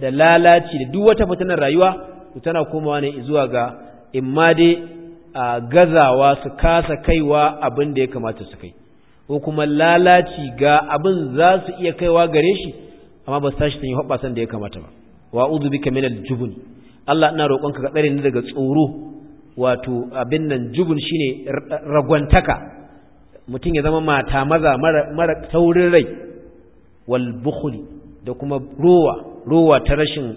da lalaci da duk wata fitinar rayuwa tana komawa ne zuwa ga imma dai gazawa su kasa kaiwa abin da ya kamata su kai ko kuma lalaci ga abin za su iya kaiwa gare shi amma ba su tashi sun yi hoɓɓasan da ya kamata ba wa uzu bi min aljubun Allah ina roƙonka ka tsare ni daga tsoro wato abin nan jubun shine ragwantaka mutum ya zama mata maza mara taurin rai wal bukhli da kuma rowa rowa ta rashin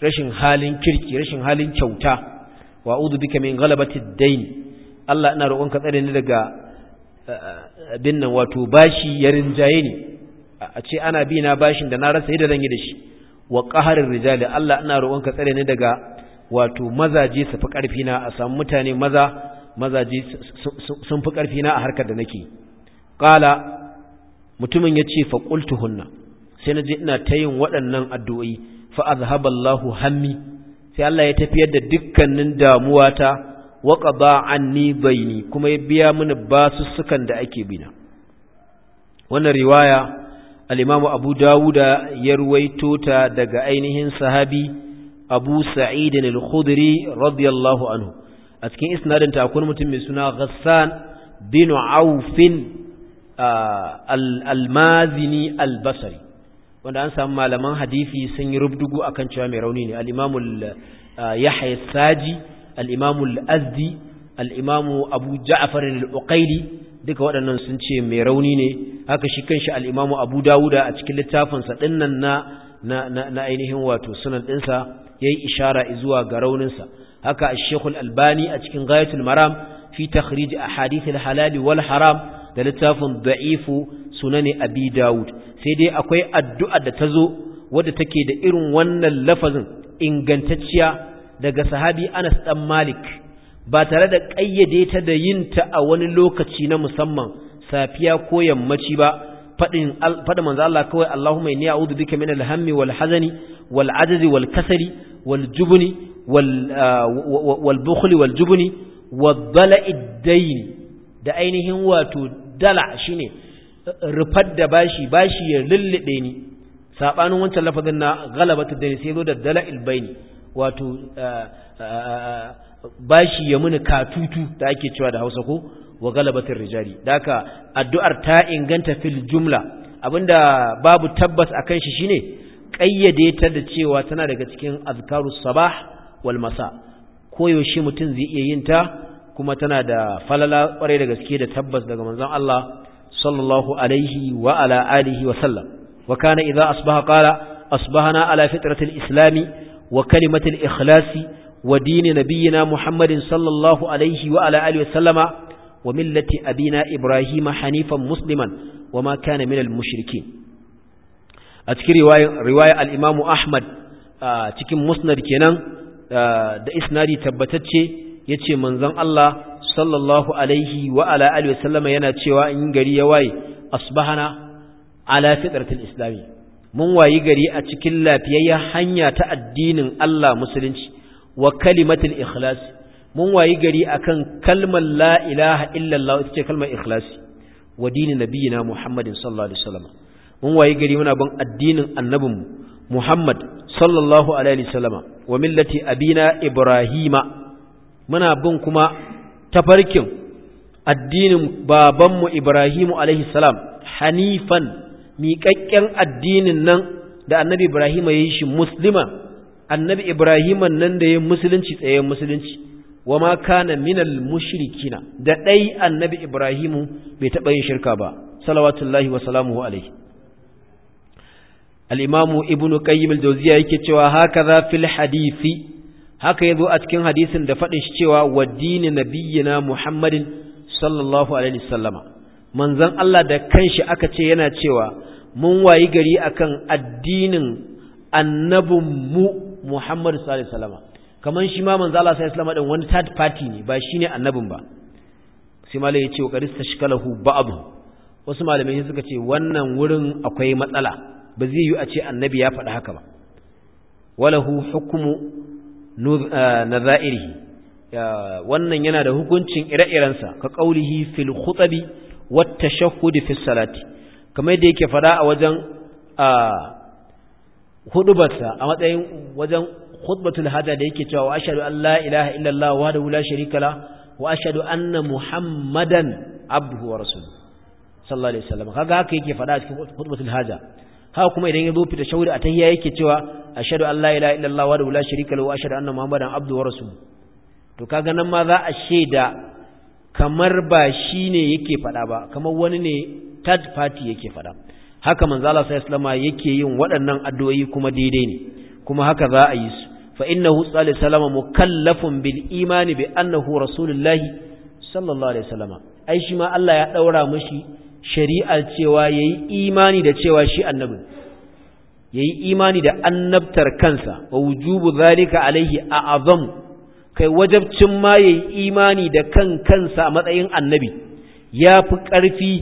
rashin halin kirki rashin halin kyauta wa udu bi min ghalabati daini Allah ina roƙon ka tsare ni daga abin nan wato bashi ya rinjaye ni a ce ana bi na bashin da na rasa yadda zan yi da shi wa qaharir rijali Allah ina roƙon ka tsare ni daga wato mazaje su fi ƙarfi na a samu mutane maza mazaje sun fi ƙarfi na a harkar da nake qala mutumin yace fa hunna sai na je ina ta yin waɗannan addu'o'i fa azhaballahu hammi sai Allah ya tafiyar da dukkanin damuwata wa qada anni daini kuma ya biya mini basussukan da ake bina wannan riwaya al abu dawuda ya ruwaito ta daga ainihin sahabi abu sa'id al radiyallahu anhu a cikin isnadin takun mutum mai suna ghassan bin aufin al-mazini al-basri wanda an samu malaman hadisi sun yi rubdugu akan cewa mai rauni ne al yahya saji al-imamu al-azdi al-imamu abu duka waɗannan sun ce mai rauni ne haka shi kanshi al abu dawuda a cikin littafinsa ɗinnan na ainihin wato sunan ya yayi ishara zuwa ga rauninsa haka al albani a cikin gayatul maram fi takhrij a al halali wal haram da littafin da'ifu sunani abi dawud sai dai akwai addu'a da ta zo wadda take da irin wannan lafazin ingantacciya daga sahabi Anas dan Malik ba tare da ƙayyade ta da yin ta a wani lokaci na musamman safiya ko yammaci ba fadin fadin manzo Allah kawai Allahumma inni a'udhu bika min al-hammi wal hazani wal ajzi wal kasali wal jubni wal ah, wal bukhli wal jubni wal da ainihin wato dala shine rufar da bashi bashi ya lullube ni sabanin wancan lafazin na galabatu da sai zo da dala'il baini wato bashi ya muni katutu da ake cewa da hausa ko wa galabatin rijali daka addu'ar ta inganta fil jumla abinda babu tabbas akan shi shine ƙayyade ta da cewa tana daga cikin azkaru sabah wal masa koyaushe mutum zai iya yin ta kuma tana da falala kwarai da gaske da tabbas daga manzon Allah sallallahu alaihi wa ala alihi wa sallam wa kana idza asbaha qala asbahana ala fitratil islami wa kalimatul ikhlasi wa dini nabiyyina Muhammadin sallallahu alaihi wa ala sallama wa millati abina Ibrahim hanifan musliman wa ma kana minal mushrikin a cikin riwaya riwaya al-Imam Ahmad cikin musnad kenan da isnadi ya ce manzon Allah sallallahu alaihi wa ala sallama yana cewa in gari ya waye asbahana ala fitratil islami mun wayi gari a cikin lafiyayya hanya ta addinin Allah musulunci wa kalimatul ikhlas mun wayi gari akan kalmar la ilaha illallah ita ce kalmar ikhlasi wa dinin nabiyina muhammadin sallallahu alaihi wasallam mun wayi gari muna bin addinin annabin muhammad sallallahu alaihi wasallam wa millati abina ibrahima muna bin kuma tafarkin addinin babanmu ibrahimu alaihi salam hanifan miƙaƙƙen addinin nan da annabi Ibrahim ya yi shi musulma annabi Ibrahim nan da ya yi musulunci tsaye musulunci wa ma kana minal mushrikina da dai annabi Ibrahim bai taɓa yin shirka ba salawatullahi wa salamuhu alaihi al ibnu qayyim al-jawziya yake cewa za fil hadisi haka yazo a cikin hadisin da faɗin shi cewa wa dini nabiyyina muhammadin sallallahu alaihi wasallama manzon Allah da kanshi aka ce yana cewa mun wayi gari akan addinin mu Muhammadu sallallahu alaihi wasallam kaman shi ma manzo Allah sallallahu alaihi wasallam din wani third party ne ba shine annabin ba sai malai yace wa sa shikalahu ba'du wasu malamai suka ce wannan wurin akwai matsala ba zai yi a ce annabi ya faɗi haka ba walahu hukmu eh, nazairihi wannan yana da hukuncin ire-irensa ka qaulihi fil khutabi wat tashahhud fi salati kamar da yake fada a wajen a hudubarsa a matsayin wajen khutbatul hada da yake cewa ashhadu an la ilaha illallah wahdahu la sharika wa ashhadu anna muhammadan abduhu wa rasuluhu sallallahu alaihi wasallam kaga haka yake fada a cikin khutbatul hada haka kuma idan ya zo fita shauri a tahiyya yake cewa ashhadu an la ilaha illallah wahdahu la sharika wa ashhadu anna muhammadan abduhu wa rasuluhu to kaga nan ma za a shaida kamar ba shine yake fada ba kamar wani ne third party yake fada haka manzo Allah sallallahu alaihi yake yin waɗannan addu'o'i kuma daidai ne kuma haka za a yi su fa innahu sallallahu alaihi wasallam mukallafun bil imani bi annahu rasulullahi sallallahu alaihi wasallam ai shi ma Allah ya daura mishi shari'ar cewa yayi imani da cewa shi annabi yayi imani da annabtar kansa wa wujubu zalika alaihi a'azam kai wajabcin ma yayi imani da kan kansa a matsayin annabi ya fi ƙarfi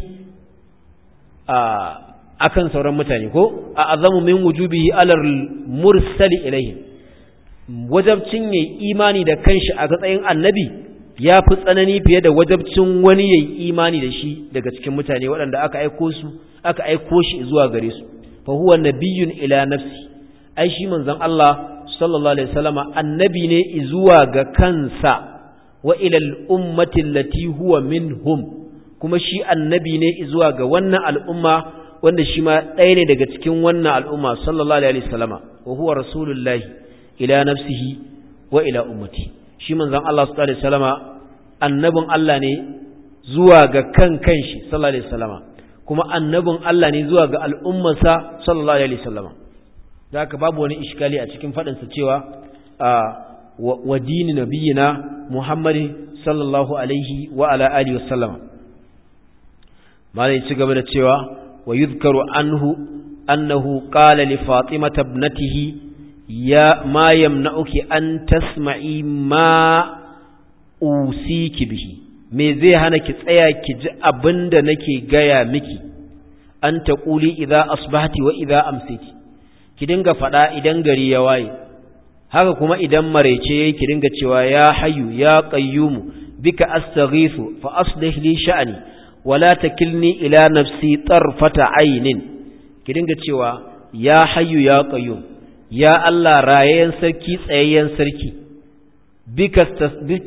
akan sauran mutane ko a azamu min wujubi alal mursali ilaihi wajabcin yayi imani da kanshi a tsayin annabi ya fi tsanani fiye da wajabcin wani yayi imani da shi daga cikin mutane waɗanda aka aiko su aka aika shi zuwa gare su fa huwa nabiyyun ila nafsi ai shi manzon Allah sallallahu alaihi wasallama annabi ne zuwa ga kansa wa ilal ummati allati huwa minhum kuma shi annabi ne zuwa ga wannan al'umma wanda shi ma ɗaya ne daga cikin wannan al'umma sallallahu alaihi wasallama wa huwa rasulullahi ila nafsihi wa ila ummati shi manzon Allah sallallahu alaihi wasallama annabin Allah ne zuwa ga kan kanshi sallallahu alaihi wasallama kuma annabin Allah ne zuwa ga al'ummarsa sallallahu alaihi wasallama da haka babu wani iskali a cikin fadin cewa wa dini nabiyina muhammadin sallallahu alaihi wa ala alihi wasallama malai ci gaba da cewa wa yuzkaru anhu annahu qala li fatimata ibnatihi ya ma yamna'uki an tasma'i ma usiki bihi me zai hana ki tsaya ki ji abinda nake gaya miki an taquli idza asbahti wa idza amsiki ki dinga fada idan gari ya waye haka kuma idan marece yayi ki dinga cewa ya hayyu ya qayyumu bika astaghifu fa aslih li sha'ni wala takilni ila nafsi tarfata ainin ki dinga cewa ya hayyu ya qayyum ya Allah rayayen sarki tsayayyen sarki bika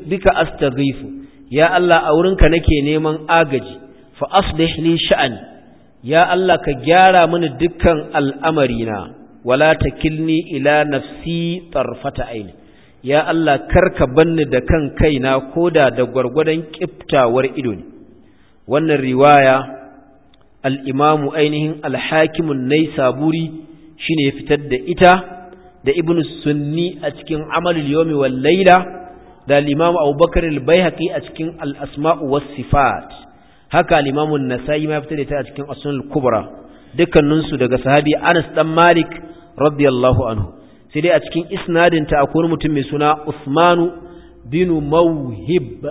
bika astaghifu ya Allah a wurinka nake neman agaji fa aslih li sha'ani ya Allah ka gyara mini dukkan al'amarina wala takilni ila nafsi tarfata ainin ya Allah karka banni da kan kaina koda da gwargwadon kiftawar ido wannan riwaya al'imamu ainihin alhakimun nai saburi shi ne ya fitar da ita da ibn sunni a cikin amalul yomi wal laila da al'imamu abubakar albayhaqi a cikin al'asma'u was sifat haka al'imamun nasa'i ma fitar da ita a cikin asunul kubra dukkaninsu daga sahabi anas dan malik radiyallahu anhu sai dai a cikin isnadinta akwai mutum mai suna usmanu binu mawhib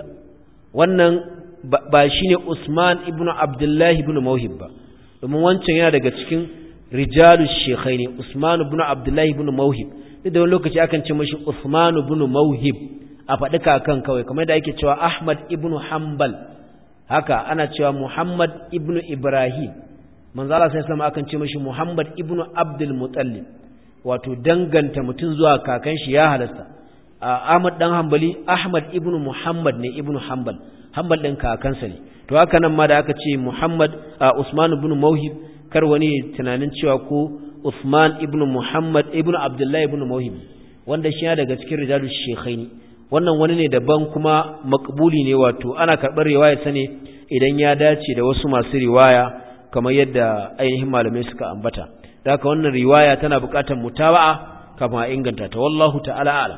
wannan ba shine Usman ibn abdullahi ibn Mawhib ba domin wancan yana daga cikin rijalus shekai ne Usman ibn Abdullahi ibn Mawhib da wani lokaci akan ce mashi Usman ibn Mawhib a faɗi kakan kawai kamar da ake cewa Ahmad ibn Hanbal haka ana cewa Muhammad ibn Ibrahim manzo sai sama akan ce mashi Muhammad ibn Abdul Muttalib wato danganta mutum zuwa kakan shi ya halasta Ahmad dan hambali Ahmad ibn Muhammad ne ibn Hanbal Hanbal din kakansa ne to haka nan ma da aka ce Muhammad a Usman ibn Mawhib kar wani tunanin cewa ko Usman ibn Muhammad ibn Abdullah ibn Mawhib wanda shi ya daga cikin rijalu shekhaini wannan wani ne daban kuma makbuli ne wato ana karɓar riwaya sane idan ya dace da wasu masu riwaya kamar yadda ainihin malamai suka ambata haka wannan riwaya tana buƙatar mutaba'a kafin a inganta ta wallahu ta'ala ala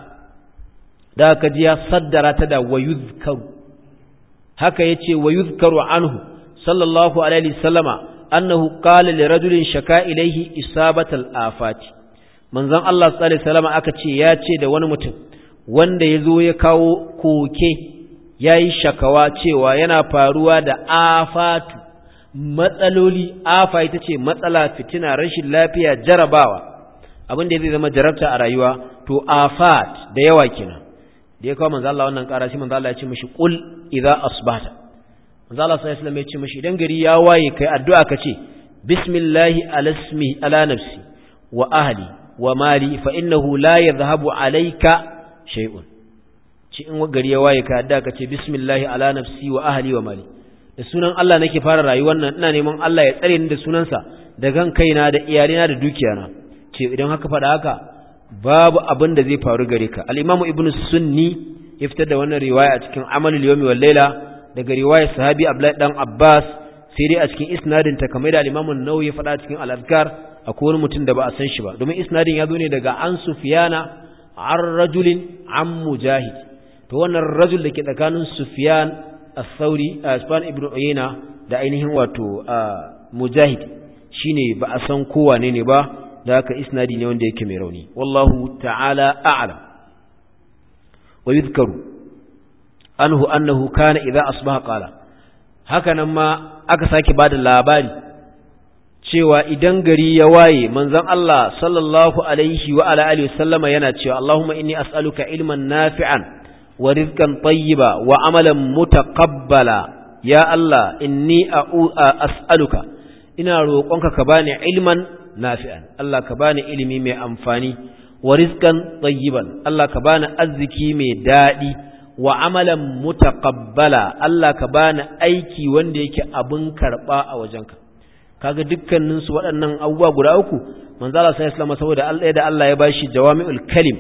da ka ji ya saddara ta da wayuzkaru haka ya yace wa yuzkaru anhu sallallahu alaihi wasallama annahu qala li rajulin shaka ilaihi isabatal afati manzon Allah sallallahu alaihi wasallama aka ce ya ce da wani mutum wanda ya zo ya kawo koke yayi shakawa cewa yana faruwa da afatu matsaloli afa ita ce matsala fitina rashin lafiya jarabawa abin da zai zama jarabta a rayuwa to afat da yawa kenan da ya kawo manzo Allah wannan ƙara sai manzo Allah ya ce mishi qul idza asbahta manzo Allah sallallahu alaihi wasallam ya ce mishi idan gari ya waye kai addu'a ka ce bismillahi ala ala nafsi wa ahli wa mali fa innahu la yadhhabu alayka shay'un ci in gari ya waye kai addu'a ka ce bismillahi ala nafsi wa ahli wa mali da sunan Allah nake fara rayuwar nan ina neman Allah ya tsare ni da sunansa da gan kaina da iyalina da dukiyana ce idan haka faɗa haka babu abin da zai faru gare ka al-imamu ibnu sunni ya fitar da wannan riwaya a cikin amalul yawmi wal laila daga riwayar sahabi abdullahi dan abbas sai dai a cikin isnadin ta kamar da al-imamu nawawi ya faɗa cikin al a akwai mutum da ba a san shi ba domin isnadin ya zo ne daga an sufiyana an rajulin an mujahid to wannan rajul da ke tsakanin sufiyan as-sauri sufyan ibnu uyayna da ainihin wato mujahid shine ba a san kowa ne ne ba da haka isnadi ne wanda yake mai rauni wallahu ta'ala a'lam wa yuzkaru anhu annahu kana idza asuba qala haka Hakanan ma aka sake da labari cewa idan gari ya waye manzon Allah sallallahu alaihi wa ala alihi yana cewa Allahumma inni as'aluka ilman nafi'an wa rizqan tayyiba wa amalan mutaqabbala ya Allah inni as'aluka ina roƙonka ka bani ilman nafi'an Allah ka bani ilimi mai amfani wa rizqan tayyiban Allah ka bani arziki mai dadi wa amalan mutaqabbala Allah ka bani aiki wanda yake abin karba a wajenka kaga dukkanin su waɗannan abubuwa guda uku manzo Allah sallallahu saboda Allah da Allah ya bashi jawami'ul kalim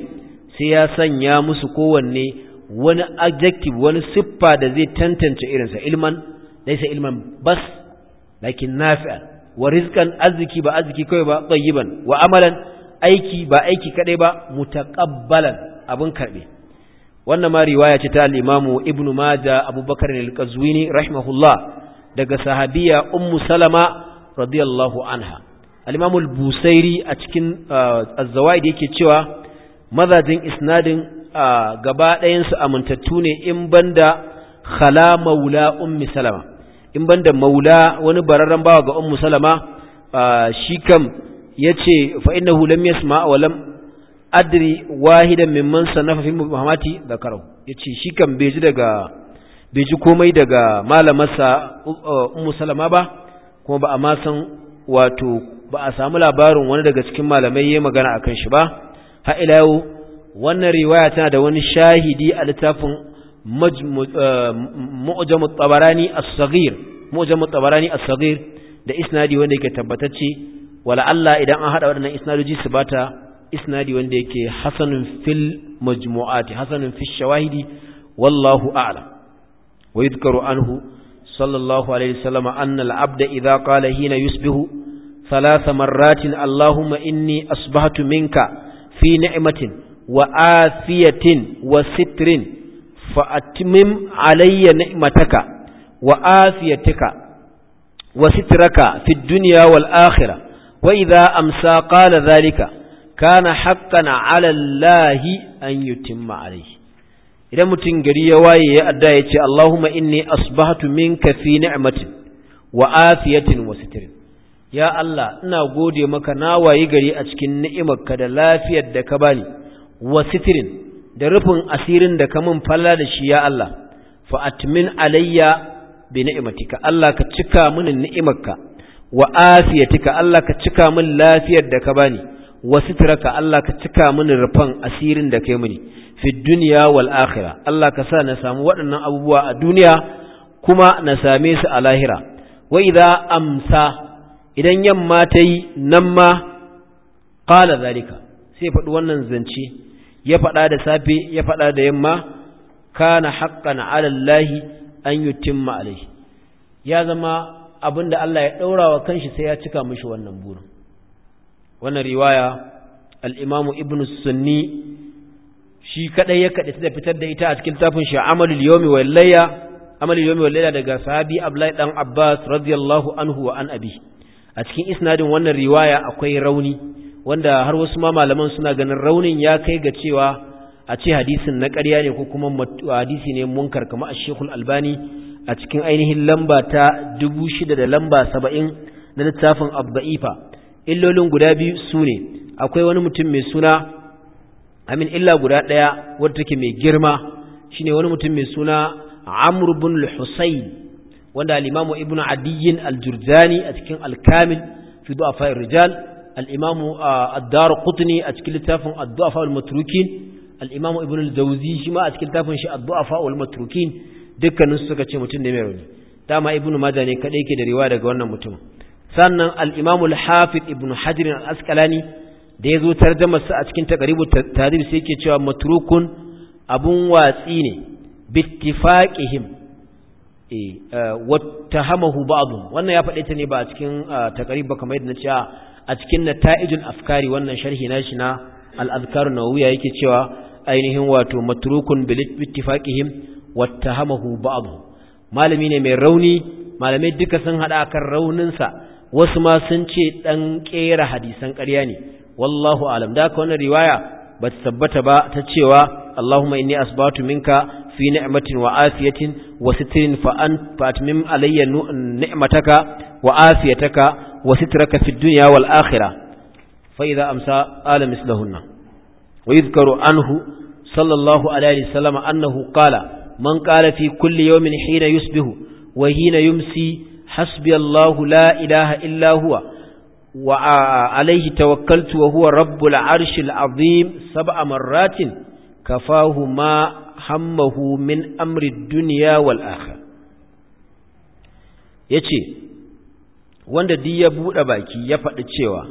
sai ya sanya musu kowanne wani adjective wani siffa da zai tantance irinsa ilman laysa ilman bas lakin nafi'an wa rizqan arziki ba arziki kai ba tayyiban wa amalan aiki ba aiki kadai ba mutaqabbalan abin karbe wannan ma riwaya ce ta al-imamu ibnu maja abubakar al-qazwini rahimahullah daga sahabiya ummu salama radiyallahu anha al-imamu al-busairi a cikin uh, az-zawaid yake cewa mazajen isnadin uh, gaba ɗayan su amintattu ne in banda khala maula ummi salama in banda maula wani bararren bawa ga ummu salama shi kam yace fa innahu lam yasma wa lam adri wahidan mimman sanafa fi muhammati zakarahu yace shi kam bai ji daga bai ji komai daga malamarsa ummu salama ba kuma ba a ma san wato ba a samu labarin wani daga cikin malamai yayin magana akan shi ba ha ila wannan riwaya tana da wani shahidi a littafin mu'jamu tabarani as-saghir mu'jamu tabarani as-saghir da isnadi wanda yake tabbatacce wala Allah idan an hada waɗannan isnadoji su bata isnadi wanda yake hasanun fil majmu'ati hasanun fi shawahidi wallahu a'lam wa yadhkaru anhu sallallahu alaihi wasallam anna al-abda idha qala hina yusbihu marratin ثلاث inni اللهم minka fi منك wa نعمة wa وستر fa atmim alayya ni'mataka wa afiyatika wa sitraka fid dunya wal akhirah wa idha amsa qala dhalika kana haqqan ala allahi an yutimma alayhi idan mutum gari ya waye ya adda ya ce allahumma inni asbahtu minka fi ni'matin wa wa sitrin ya allah ina gode maka na wayi gari a cikin ni'imarka da lafiyar da ka bani wa sitirin. da rufin asirin da ka mun falla da shi ya Allah fa atmin alayya bi ni'matika Allah ka cika mini ni'imarka wa afiyatika Allah ka cika min lafiyar da ka bani wa sitraka Allah ka cika mini rufan asirin da kai mini fi dunya wal akhirah Allah ka sa na samu waɗannan abubuwa a duniya kuma na same su a lahira wa idza amsa idan yamma ta yi nan ma qala zalika sai faɗi wannan zance ya faɗa da safe ya faɗa da yamma kana haƙƙan alallahi an yi yutimma alai ya zama abinda Allah ya ɗaura wa kanshi sai ya cika mishi wannan burin wannan riwaya al'imamu Ibn Sunni shi kaɗai ya kaɗe da fitar da ita a cikin tafin shi amalul yawmi wal layya. amalul layya daga sahabi Abdullah dan Abbas radiyallahu anhu wa an abi a cikin isnadin wannan riwaya akwai rauni wanda har wasu ma malaman suna ganin raunin ya kai ga cewa a ce hadisin na ƙarya ne ko kuma hadisi ne munkar a ashekul albani a cikin ainihin lamba ta dubu shida da lamba saba'in na littafin abba'ifa illolin guda biyu su ne akwai wani mutum mai suna amin illa guda ɗaya wadda take mai girma shine wani mutum mai suna amr bin wanda alimamu ibnu adiyyin aljurjani a cikin alkamil kamil fi du'afa rijal al'imamu addar kutni a cikin littafin addu'afa al-matrukin al'imamu ibn al-jauzi a cikin littafin shi addu'afa al-matrukin dukkanin suka ce mutum ne mai rauni dama ibn maja ne kadai ke da riwaya daga wannan mutum sannan al-imamu hafiz ibn hajar al da ya zo tarjamar sa a cikin taqribu tarih sai yake cewa matrukun abun watsi ne bittifaqihim eh wattahamahu ba'dhum wannan ya faɗe ta ne ba a cikin taqrib ba kamar yadda na ce a cikin nata'ijul afkari wannan sharhi nashi na al-azkar nawawiya yake cewa ainihin wato matrukun bil ittifaqihim wattahamahu ba'd malami ne mai rauni malamai duka sun hada kan raunin sa wasu ma sun ce ɗan ƙera hadisan ƙarya ne wallahu alam da ka wannan riwaya ba ta tabbata ba ta cewa Allahumma inni asbatu minka fi ni'matin wa afiyatin wa sitrin fa an fatmim alayya ni'mataka wa afiyataka wa sitraka fid dunya wal akhirah fa idza amsa ala mislahunna wa yadhkaru anhu sallallahu alayhi sallam annahu qala man qala fi kulli yawmin hina yusbihu wa hina yumsi hasbiyallahu la ilaha illa huwa وعليه توكلت وهو رب العرش العظيم سبع مرات كفاه ما hammahu min amri duniya wal akhir yace wanda duk ya bude baki ya faɗi cewa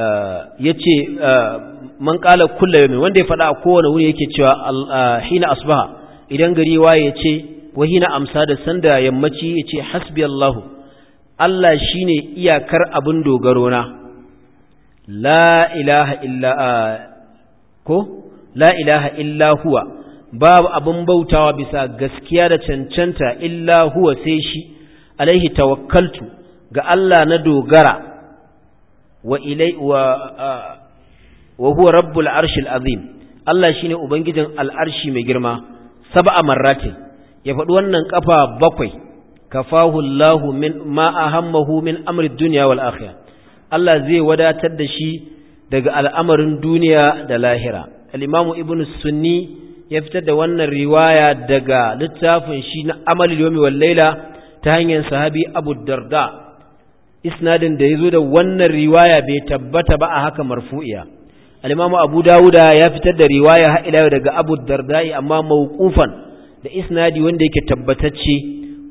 ah, yace ah, man qala kullu yawmin wanda ya faɗa a kowane wuri yake cewa ah, hina asbaha idan gari waye yace wa hina amsa da sanda yammaci yace hasbi Allahu Allah shine iyakar abin dogaro na la ilaha illa ko la ilaha illa huwa babu abin bautawa bisa gaskiya da cancanta illa huwa sai shi alaihi tawakkaltu ga Allah na dogara wa ilai wa wa huwa rabbul arshil azim Allah shine ubangijin al'arshi mai girma sab'a marratin ya faɗi wannan kafa bakwai kafahu Allahu min ma ahammahu min amri dunya wal akhirah Allah zai wadatar da shi daga al'amarin duniya da lahira al'imamu ibn sunni ya fitar da wannan riwaya daga littafin shi na amal yomi wallaila ta hanyar sahabi abu darda isnadin da ya zo da wannan riwaya bai tabbata ba a haka marfu'iya al'imamu abu dawuda ya fitar da riwaya ha'ilawa daga abu darda'i amma mawukufan da isnadi wanda yake tabbatacce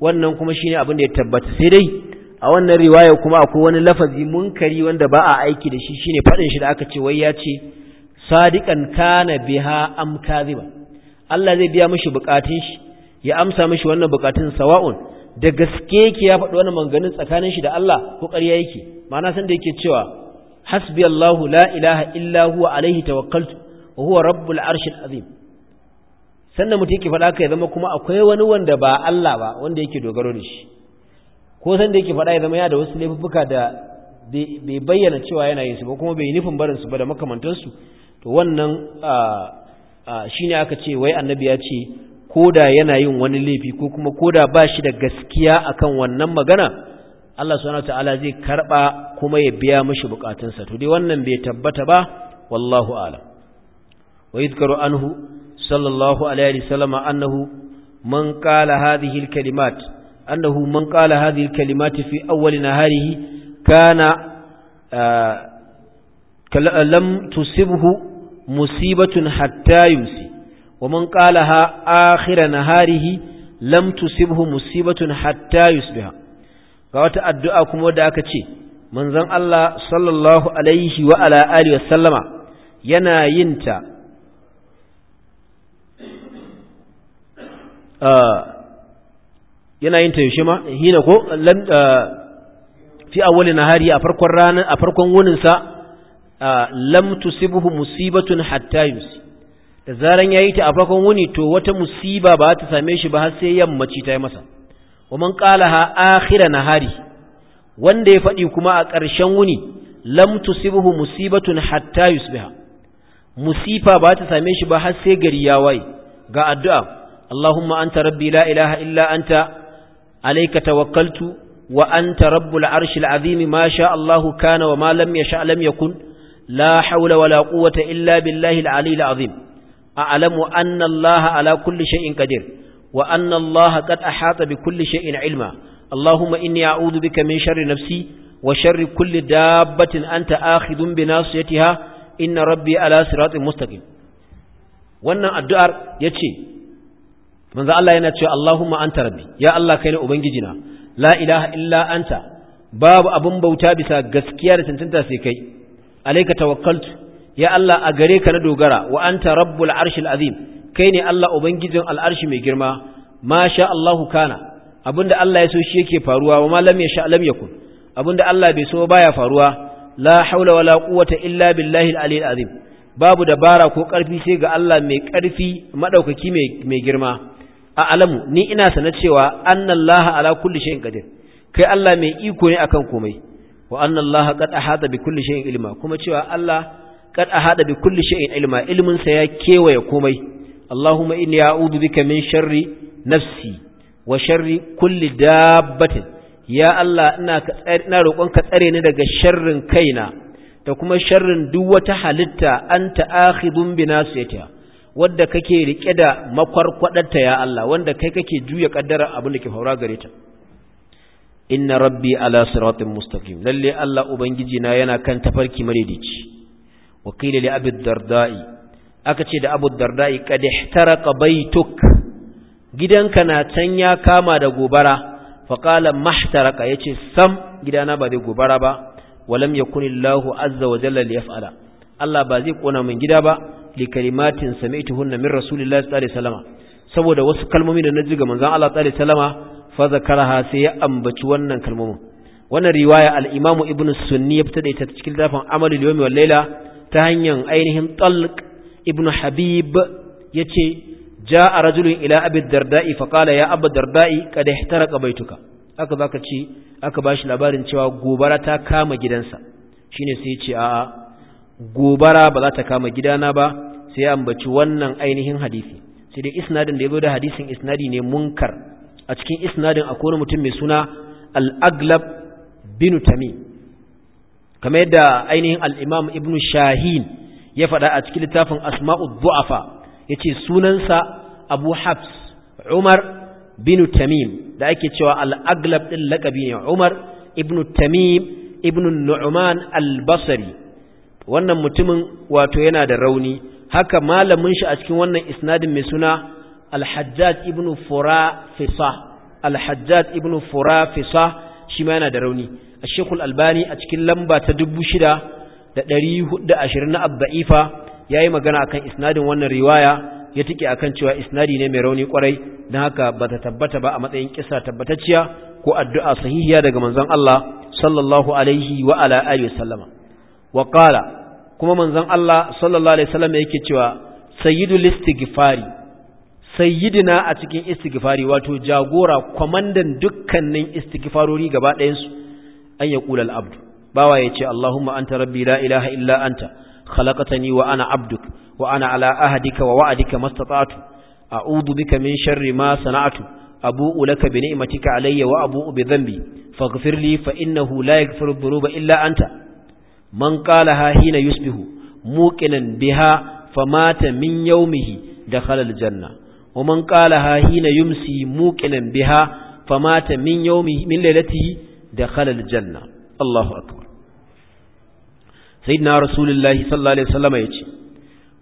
wannan kuma shi ne abin da ya tabbata sai dai a wannan riwaya kuma akwai wani lafazi munkari wanda ba a aiki da shi shine fadin shi da aka ce wai ya ce sadiqan kana biha am kadhiba Allah zai biya mishi bukatun shi ya amsa mishi wannan bukatun sawa'un da gaske yake ya faɗi wannan manganin tsakanin shi da Allah ko ƙarya yake ma'ana san da yake cewa hasbi Allahu la ilaha illa huwa alaihi tawakkaltu wa huwa rabbul arshil azim sannan mutum yake faɗa ka zama kuma akwai wani wanda ba Allah ba wanda yake dogaro da shi ko san da yake faɗa ya zama ya da wasu laifuka da bai bayyana cewa yana yin su ba kuma bai nufin barinsu ba da makamantansu to wannan shi ne aka ce wai annabi ya ce da yana yin wani laifi ko kuma ko da ba shi da gaskiya akan wannan magana Allah subhanahu ta'ala zai karɓa kuma ya biya mashi bukatunsa to dai wannan bai tabbata ba wallahu a'lam wa yadhkaru anhu sallallahu alaihi wasallam annahu man qala hadhihi alkalimat kalimat أنه من قال هذه الكلمات في أول نهاره كان لم تصبه مصيبة حتى يمسي ومن قالها آخر نهاره لم تصبه مصيبة حتى يصبح قوات أدعاكم ودعك تشي من ذن الله صلى الله عليه وعلى آله وسلم ينا ينتا آه yana yin ta yaushe ma hina ko uh, fi awwalin nahari a farkon ranar a farkon wunin sa uh, lam tusibuhu musibatun hatta yusi da zaran yayi ta a farkon wuni to wata musiba ba ta same shi ba har sai yammaci ta yi masa wa man qalaha akhira nahari wanda ya faɗi kuma a ƙarshen wuni lam tusibuhu musibatun hatta yusbiha musifa ba ta same shi ba har sai gari ya waye ga addu'a Allahumma anta rabbi la ilaha illa anta alaika tawakkaltu wa anta rabbul arshil azimi ma sha Allah kana wa ma lam yasha lam yakun la hawla wala quwwata illa billahi al-aliyyil azim a'lamu anna Allah ala kulli shay'in qadir wa anna Allah qad ahata bi kulli shay'in ilma اللهم إني أعوذ بك من شر نفسي وشر كل دابة أنت آخذ بناصيتها إن ربي على صراط مستقيم wannan addu'ar ya ce manzo Allah yana cewa Allahumma anta rabbi ya Allah kai ne ubangijina la ilaha illa anta babu abin bauta bisa gaskiya da tantanta sai kai alayka tawakkaltu ya Allah a gare ka na dogara wa anta rabbul arshil azim kai ne Allah ubangijin al'arshi mai girma ma sha Allahu kana abinda Allah ya so shi yake faruwa wa ma lam yasha lam yakun abinda Allah bai so baya faruwa la haula wala quwwata illa billahi al-aliyyil azim babu dabara ko karfi sai ga Allah mai karfi madaukaki mai girma a alamu ni ina sana cewa annallaha ala kulli shay'in qadir kai Allah mai iko ne akan komai wa annallaha qad ahata bi kulli shay'in ilma kuma cewa Allah qad ahata bi kulli shay'in ilma ilmin sa ya kewaye komai Allahumma inni a'udhu bika min sharri nafsi wa sharri kulli dabbatin ya Allah ina ka ina roƙon ka tsare ni daga sharrin kaina da kuma sharrin duk wata halitta anta akhidun bi nasiyatiha wadda kake rike da makwarkwadarta ya Allah wanda kai kake juya kaddara abin da ke faura gare ta inna rabbi ala siratin mustaqim lalle Allah ubangiji na yana kan tafarki mani wa qila li abi dardai aka ce da abu dardai qad ihtaraqa baytuk gidanka na can ya kama da gobara fa qala mahtaraka yace sam gidana ba dai gobara ba walam yakunillahu azza wa jalla liyaf'ala Allah ba zai kona min gida ba likalimatin kalimatin sami'tuhunna min rasulillahi sallallahu alaihi wasallam saboda wasu kalmomi da naji ga manzon Allah sallallahu alaihi wasallam fa zakaraha sai ya ambaci wannan kalmomin wannan riwaya al-imamu ibnu sunni ya fita da ita cikin littafin amalul yawmi wal laila ta hanyar ainihin talq ibnu habib yace jaa rajulun ila abi darda'i fa qala ya abu darda'i qad ihtaraqa baituka aka zaka ce aka bashi labarin cewa gobara ta kama gidansa shine sai ya ce a'a gobara ba za ta kama gidana ba sai ambaci wannan ainihin hadisi sai dai isnadin da ya zo da hadisin isnadi ne munkar a cikin isnadin akwai mutum mai suna al-aglab bin tamim kamar yadda ainihin al-imam ibn shahin ya faɗa a cikin littafin asma'u du'afa yace sunansa abu habs umar bin tamim da ake cewa al-aglab din lakabi ne umar ibn tamim ibn nu'man al-basri wannan mutumin wato yana da rauni haka malamin shi a cikin wannan isnadin mai suna al ibn Fura Fisa hajjaj ibn Fisa shi ma yana da rauni ash-shaykh albani a cikin lamba ta ashirin na abba'ifa yi magana akan isnadin wannan riwaya ya tike akan cewa isnadi ne mai rauni kwarai dan haka bata tabbata ba a matsayin kissa tabbatacciya ko addu'a sahihiya daga manzon Allah sallallahu alaihi wa ala alihi wa kuma manzon Allah sallallahu alaihi wasallam yake cewa sayyidul istighfari sayyidina a cikin istighfari wato jagora kwamandan dukkanin istighfarori gaba ɗayan an ya al abdu bawa ce allahumma anta rabbi la ilaha illa anta khalaqtani wa ana abduk wa ana ala ahdika wa wa'dika mastata'tu a'udhu bika min sharri ma sana'tu abu'u laka bi ni'matika alayya wa abu'u bi dhanbi faghfir fa innahu la yaghfiru dhunuba illa anta man qalaha hina yusbihu muqinan biha famata min yawmihi dakhala aljanna wa man qalaha hina yumsi muqinan biha famata min yawmihi min lailatihi dakhala aljanna Allahu akbar sayyidina rasulullahi sallallahu alaihi wasallam yace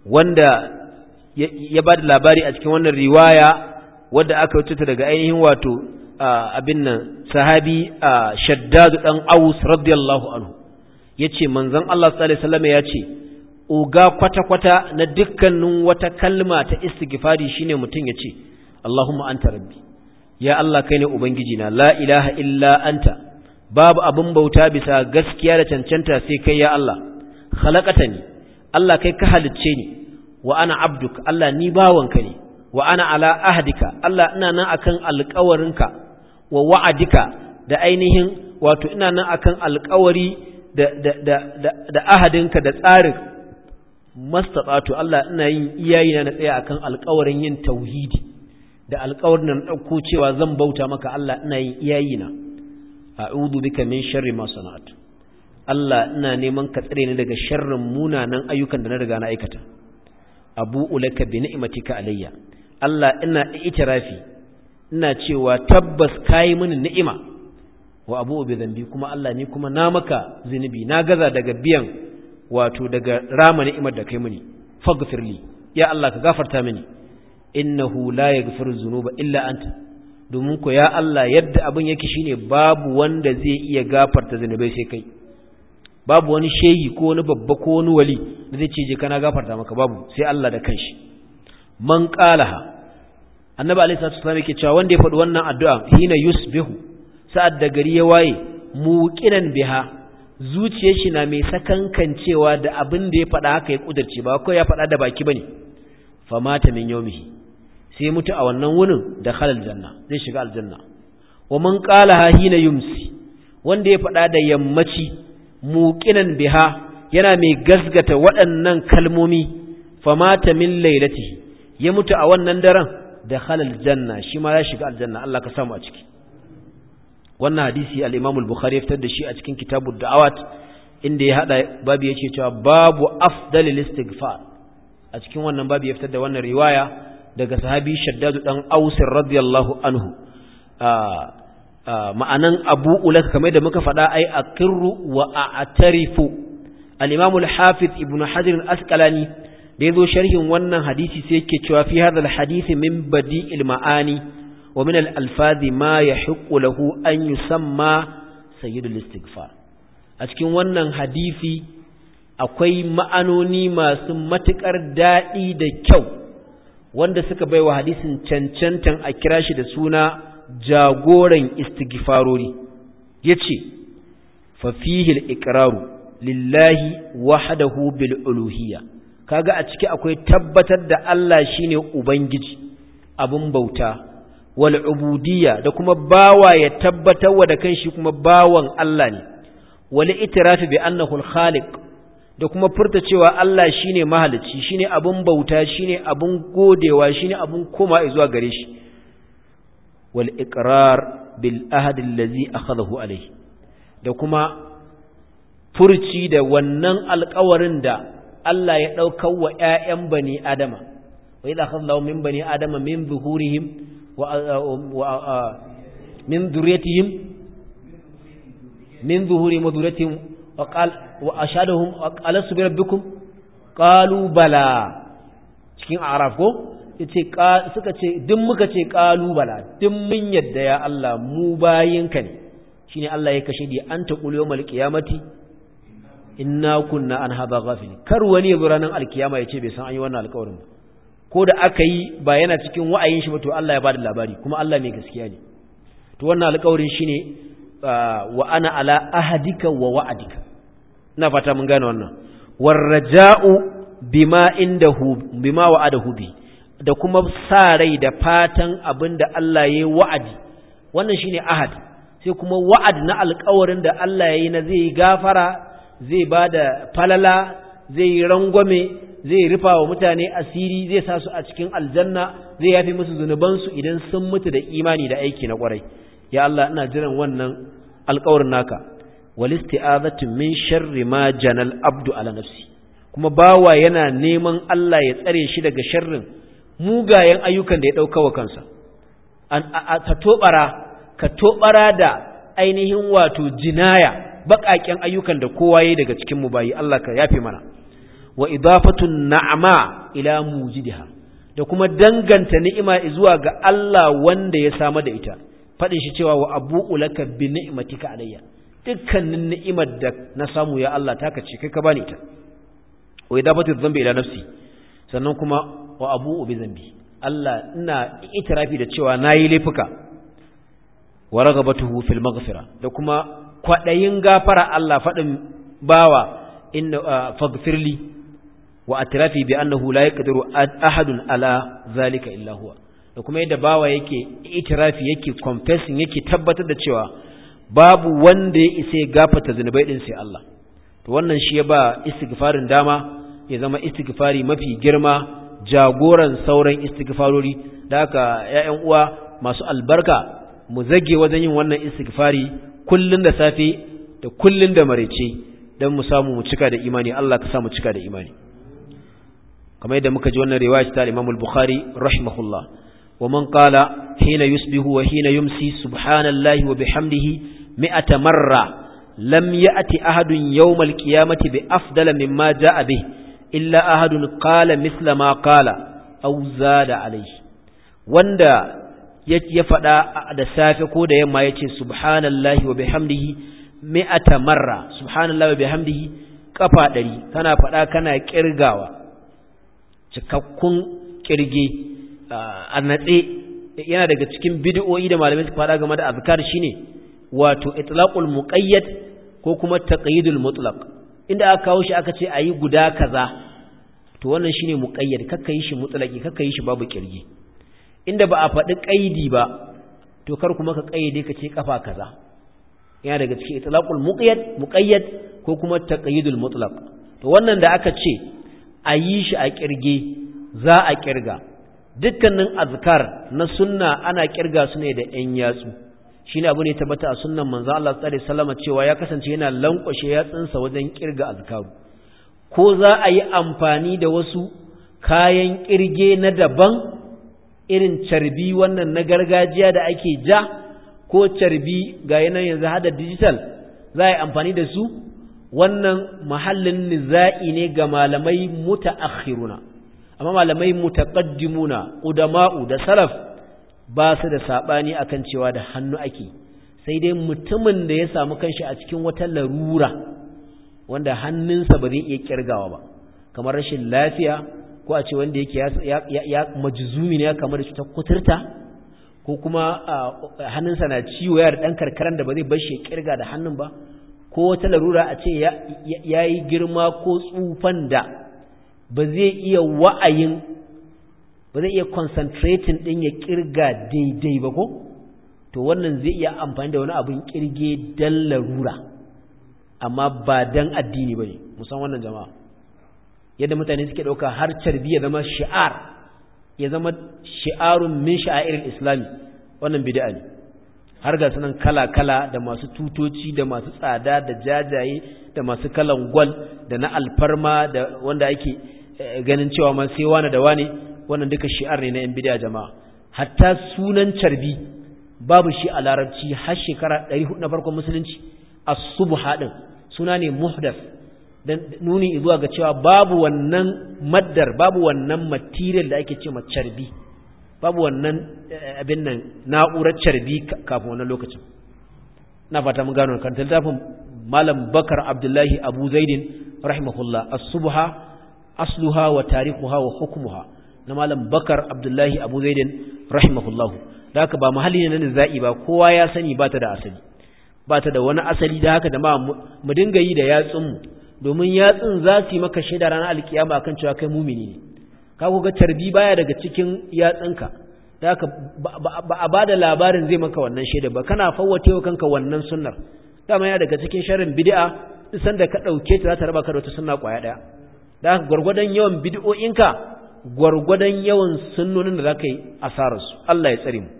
wanda ya bada labari a cikin wannan riwaya wadda aka wuce daga ainihin wato abin nan sahabi shaddadu dan aus radiyallahu anhu yace manzon Allah sallallahu alaihi wasallam ya ce uga kwata-kwata na dukkanin wata kalma ta istighfari shine mutum ya ce Allahumma anta rabbi ya Allah kai ne ubangiji na la ilaha illa anta babu abin bauta bisa gaskiya da cancanta sai kai ya Allah khalaqatani Allah kai ka halicce ni wa ana abduk Allah ni bawanka ne wa ana ala ahdika Allah ina nan akan alƙawarinka wa wa'adika da ainihin wato ina nan akan alƙawari da ahadinka da tsarin mastaɓato Allah ina yin iyayina na tsaya akan alƙawarin yin tauhidi da alƙawarin na ɗauko cewa zan bauta maka Allah ina yin iyayina na a'udhu bika min sharri ma Allah ina neman ka tsare ni daga sharrin munanan ayyukan da na riga na aikata abu ulaka bi ni'matika alayya Allah ina itirafi ina cewa tabbas kai mini ni'ima wa abu bi zambi kuma Allah ni kuma na maka zunubi na gaza daga biyan wato daga rama ni'imar da kai mini faghfirli ya Allah ka gafarta mini innahu la yaghfiru dhunuba illa anta domin ko ya Allah yadda abin yake shine babu wanda zai iya gafarta zunubai sai kai babu wani shehi ko wani babba ko wani wali da zai ce je kana gafarta maka babu sai Allah da kanshi man qalaha annabi alaihi salatu wasallam yake cewa wanda ya faɗi wannan addu'a hina yusbihu sa'ad da gari ya waye muƙinan biha zuciyar shi na mai cewa da abin da ya faɗa haka ya kudarce ba ko ya faɗa da baki bane famata min yawmihi sai mutu a wannan wunin da khalal janna zai shiga aljanna wa man qala hina yumsi wanda ya faɗa da yammaci muƙinan biha yana mai gasgata waɗannan kalmomi famata min lailati ya mutu a wannan daren da halal janna shi ma ya shiga aljanna Allah ka samu a ciki wannan hadisi al'imamul imam al-Bukhari ya fitar da shi a cikin kitabud da'awat inda ya hada babu yace cewa babu afdalil istighfar a cikin wannan babu ya fitar da wannan riwaya daga sahabi shaddadu dan Aus radiyallahu anhu ma'anan Abu Ulak kamar da muka faɗa ai kirru wa a'tarifu al-Imam hafiz Ibn Hajar askalani da ya zo sharhin wannan hadisi sai yake cewa fi hadha hadisi min badi'il ma'ani wa min al-alfazi ma yahiqqu lahu an yusamma sayyidul istighfar a cikin wannan hadisi akwai ma'anoni masu matukar dadi da kyau wanda suka baiwa hadisin cancantan a kira shi da suna jagoran istighfarori yace fa fihi al-iqraru lillahi wahdahu bil uluhiyya kaga a ciki akwai tabbatar da Allah shine ubangiji abun bauta wal da kuma bawa ya tabbatar wa da kanshi kuma bawan Allah ne wal itirafi bi annahu al khaliq da kuma furta cewa Allah shine mahalicci shine abun bauta shine abun godewa shine abun koma zuwa gare shi wal iqrar bil ahd allazi akhadahu alayhi da kuma furci da wannan alkawarin da Allah ya ɗaukar wa ‘ya'yan bani Adama, wai za min bani Adama min zuhurihim Uh, um, uh, uh, min zuriyatihim min zuhuri maduriyatihim wa ashadahum alastu bi rabbikum qalu bala cikin araf ko yace suka ce duk muka ce qalu bala duk mun yadda ya Allah mu bayinka ne shine Allah ya kashe di anta qul yawmal qiyamati inna kunna an hadha ghafil kar wani ya bi ranar alkiyama yace bai san an yi wannan alƙawarin ba ko da aka yi ba yana cikin wa'ayin shi ba to Allah ya bada labari kuma Allah mai gaskiya ne to wannan alƙawarin shine wa ana ala ahadika wa wa'adika ina fata mun gane wannan warraja'u bima indahu bima wa'adahu bi da kuma sa rai da fatan abinda Allah ya wa'adi wannan shine ahad sai kuma wa'ad na alƙawarin da Allah ya yi na zai gafara zai ba da falala zai yi rangwame zai rufa wa mutane asiri zai sa su a cikin aljanna zai yafi musu zunubansu idan sun mutu da imani da aiki na kwarai ya Allah ina jiran wannan alƙawarin naka wal isti'azatu min sharri ma janal abdu ala nafsi kuma bawa yana neman Allah ya tsare shi daga sharrin mugayen ayyukan da ya dauka wa kansa an ta tobara ka tobara da ainihin wato jinaya baƙaƙen ayyukan da kowa yayi daga cikin mu bayi Allah ka yafe mana wa idafatun na'ama ila mujidiha da kuma danganta ni'ima zuwa ga Allah wanda ya samar da ita faɗin shi cewa wa abu'u laka bi ni'matika alayya dukkanin ni'imar da na samu ya Allah taka ce kai ka bani ta wa idafatu dhanbi ila nafsi sannan kuma wa abu'u bi dhanbi Allah ina itirafi da cewa nayi laifuka wa ragabatuhu fil maghfira da kuma kwadayin gafara Allah fadin bawa inna ah, faghfirli wa atrafi bi annahu la ahadun ala zalika illa huwa da kuma yadda bawa yake itirafi yake confessing yake tabbatar da cewa babu wanda ya isa ya gafata zunubai din sai Allah to wannan shi ya ba istighfarin dama ya zama istighfari mafi girma jagoran sauran istighfarori da haka ƴaƴan uwa masu albarka mu zage wajen yin wannan istighfari kullun da safe da kullun da marece dan mu samu mu cika da imani Allah ka sa mu cika da imani kamar yadda muka ji wannan riwaya ta Imam al-Bukhari rahimahullah wa man qala hina yusbihu wa hina yumsi subhanallahi wa bihamdihi mi'ata marra lam ya'ti ahadun yawm al-qiyamati bi afdala mimma ja'a bih illa ahadun qala mithla ma qala aw zada alayhi wanda ya faɗa da safe ko da yamma yace subhanallahi wa bihamdihi mi'ata marra subhanallahi wa bihamdihi kafa 100 kana faɗa kana kirgawa cikakkun kirge ah, a natse yana daga cikin bid'o'i da malamai su fada game da azkar shine wato itlaqul muqayyad ko kuma taqyidul mutlaq inda aka kawo shi aka ce ayi guda kaza to wannan shine muqayyad kakka yi shi mutlaqi kakka yi shi babu kirge inda ba a faɗi kaidi ba to kar kuma ka kayyade ka ce kafa kaza yana daga cikin itlaqul muqayyad muqayyad ko kuma taqyidul mutlaq to wannan da aka ce a yi shi a kirge za a kirga dukkanin azkar na sunna ana kirga su ne da yan yatsu shi ne abu ne tabbata a sunnan manzan Allah tsare salama cewa ya kasance yana lankwashe yatsunsa wajen kirga azkaru ko za a yi amfani da wasu kayan kirge na daban irin carbi wannan na gargajiya da ake ja ko carbi ga yanayin yanzu hada digital za a yi amfani da su wannan mahallin niza'i ne ga malamai mutaakhiruna amma malamai mutaqaddimuna qudama'u da salaf ba su da sabani akan cewa da hannu ake sai dai mutumin da ya samu kanshi a cikin wata larura wanda hannunsa ba zai iya kirgawa ba kamar rashin lafiya ko a ce wanda yake ya majzumi ne ya kamar cutar kuturta ko kuma ah, hannunsa na ciwo ya da dan karkaran da ba zai bar shi kirga da hannun ba ko wata larura a ce ya yi girma ko tsufan da ba zai iya wa'ayin ba zai iya concentrating ɗin ya ƙirga daidai ba ko to wannan zai iya amfani da wani abin ƙirge dan larura amma ba dan addini ba ne musamman wannan jama'a yadda mutane suke ɗauka har carbi ya zama shi'ar ya zama shi'arun min irin islami wannan bida'a ne har ga sunan kala-kala da masu tutoci da masu tsada da jajaye da masu kalan gwal da na alfarma da wanda ake eh, ganin cewa man sai wani da wani wannan duka shi'ar ne na yan bid'a jama'a hatta sunan carbi babu shi a larabci har shekara 400 na farkon musulunci a subu haɗin, suna ne muhdas dan nuni zuwa ga cewa babu wannan maddar babu wannan material da ake ma carbi babu wannan eh, abin nan na'urar carbi kafin wannan lokacin na fata mun gano kan littafin malam bakar abdullahi abu zaidin rahimahullah as-subha asluha wa tarikuha wa hukmuha na malam bakar abdullahi abu zaidin rahimahullah da haka ba mahalli ne na nizai ba kowa ya sani ba ta da asali ba ta da wani asali da haka da ma mu dinga yi da yatsun mu domin yatsun za su yi maka shaida ranar alkiyama kan cewa kai mumini ne ka ga tarbi baya daga cikin yatsunka da ka ba a ba da labarin zai maka wannan shaida ba kana fawwace wa kanka wannan sunnar dama daga cikin sharrin bid'a isan da ka dauke ta za ta raba ka da wata sunna kwaya daya da haka gwargwadon yawan bid'o'inka gwargwadon yawan sunnonin da zaka yi asararsu Allah ya tsare mu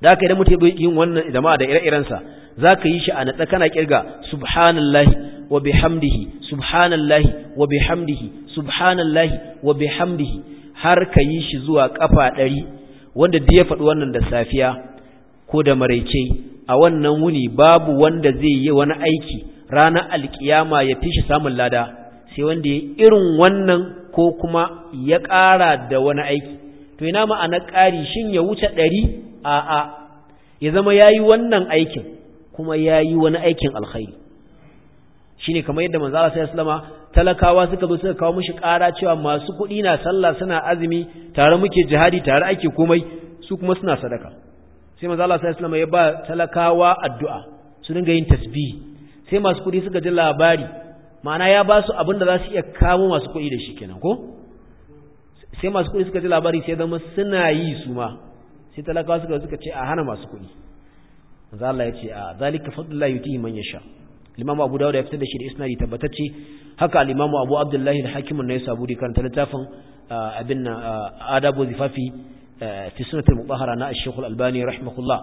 da haka idan mutum yin wannan jama'a da ire-irensa Za ka yi shi a natsa kana kirga subhanallahi wa bihamdihi subhanallahi wa bihamdihi subhanallahi wa bihamdihi har ka yi shi zuwa ƙafa ɗari wanda duk ya faɗi wannan da safiya ko da maraice a wannan wuni babu wanda zai yi wani aiki ranar alkiyama ya fi shi samun lada sai wanda ya irin wannan ko kuma ya ƙara da wani aiki to ina ma'ana ƙari shin ya wuce ɗari a'a ya zama ya yi wannan aikin kuma ya yi wani aikin alkhairi ne kamar yadda manzo sai sallallahu talakawa suka zo suka kawo mishi ƙara cewa masu kuɗi na sallah suna azumi tare muke jihadi tare ake komai su kuma suna sadaka sai manzo sai sallallahu ya ba talakawa addu'a su dinga yin tasbih sai masu kuɗi suka ji labari ma'ana ya ba su abin da za su iya kawo masu kuɗi da shi kenan ko sai masu kuɗi suka ji labari sai zama suna yi su ma sai talakawa suka suka ce a hana masu kuɗi manzo Allah ya ce a zalika fadlullahi yutihi man yasha Imam Abu Dawud ya fitar da shi da isnadi tabbatacce haka al-Imam Abu abdullahi al-Hakim an-Naisaburi kan littafin abin adabu zifafi fi sunnat al-mutahhara na Sheikh al-Albani rahimahullah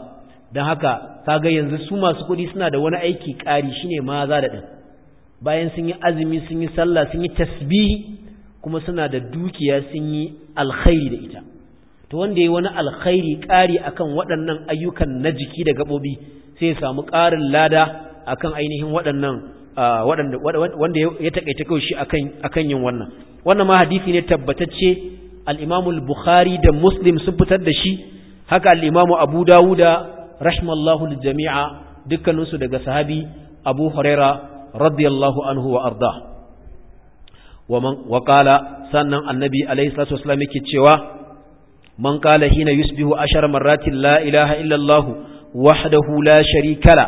dan haka kaga yanzu su masu kudi suna da wani aiki kari shine maza da din bayan sun yi azumi sun yi sallah sun yi tasbihi kuma suna da dukiya sun yi alkhairi da ita to wanda yi wani alkhairi ƙari akan waɗannan ayyukan na jiki da gabobi sai ya samu ƙarin lada akan ainihin waɗannan wanda ya taƙaita kawai shi akan yin wannan wannan ma hadisi ne tabbatacce al’imamul bukhari da Muslim sun fitar da shi haka al'imamu Abu Dawuda rashmallahu da jamia dukkaninsu daga sahabi Abu Huraira radiyallahu anhu wa arda wa sannan annabi alayhi salatu yake cewa man qala hina yusbihu ashar marratin la ilaha illa Allah wahdahu la sharika la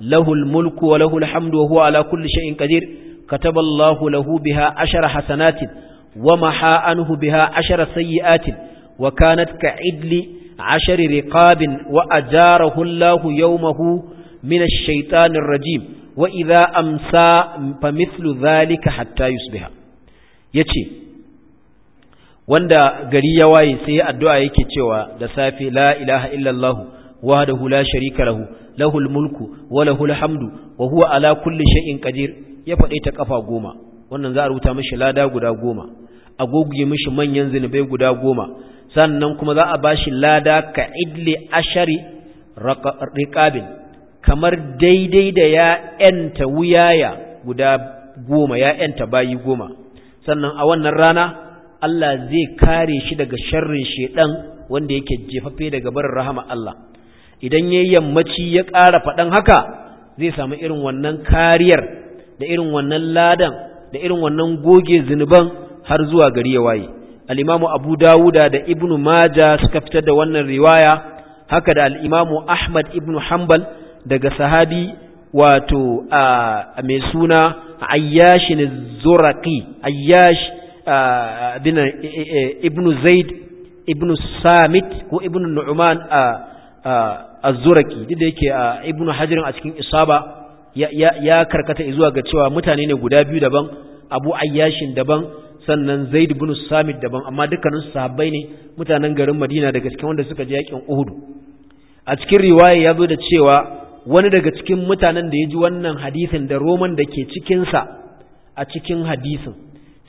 lahu mulku wa lahu al-hamdu wa huwa ala kulli shay'in kadir kataba Allah lahu biha ashar hasanatin wa maha anhu biha ashar sayyi'atin wa kanat ka'idli ashar riqabin wa ajarahu Allah yawmahu min ash rajim wa idha amsa fa mithlu dhalika hatta yusbiha yace wanda gari ya waye sai addu'a yake cewa da safe la ilaha illallah wahdahu la sharika lahu lahul mulku wa lahul hamdu wa huwa ala kulli shay'in qadir ya fade ta kafa goma wannan za a rubuta mishi lada guda goma a goguye mishi manyan zinubai guda goma sannan kuma za a bashi lada ka idli ashari riqabin kamar daidai da ya yanta wuyaya guda goma ya enta bayi goma sannan a wannan rana Allah zai kare shi daga sharrin shedan wanda yake jefaffe daga barin rahama Allah idan yayi yammaci ya ƙara faɗan haka zai samu irin wannan kariyar da irin wannan ladan da irin wannan goge zinuban har zuwa gari ya waye al-Imamu Abu Dawuda da Ibn Majah suka fitar da wannan riwaya haka da al-Imamu Ahmad Ibn Hanbal daga sahabi wato a mai suna Ayyashin Zuraqi Ayyash binan ibnu zaid ibnu samit ko ibnu nu'man az-zuraki duk da yake ibnu hajarin a cikin isaba ya karkata zuwa ga cewa mutane ne guda biyu daban abu ayyashin daban sannan zaid ibn samit daban amma dukkanin sahabbai ne mutanen garin madina daga cikin wanda suka je yakin uhud a cikin riwaya ya zo da cewa wani daga cikin mutanen da ya ji wannan hadisin da roman da ke cikinsa a cikin hadisin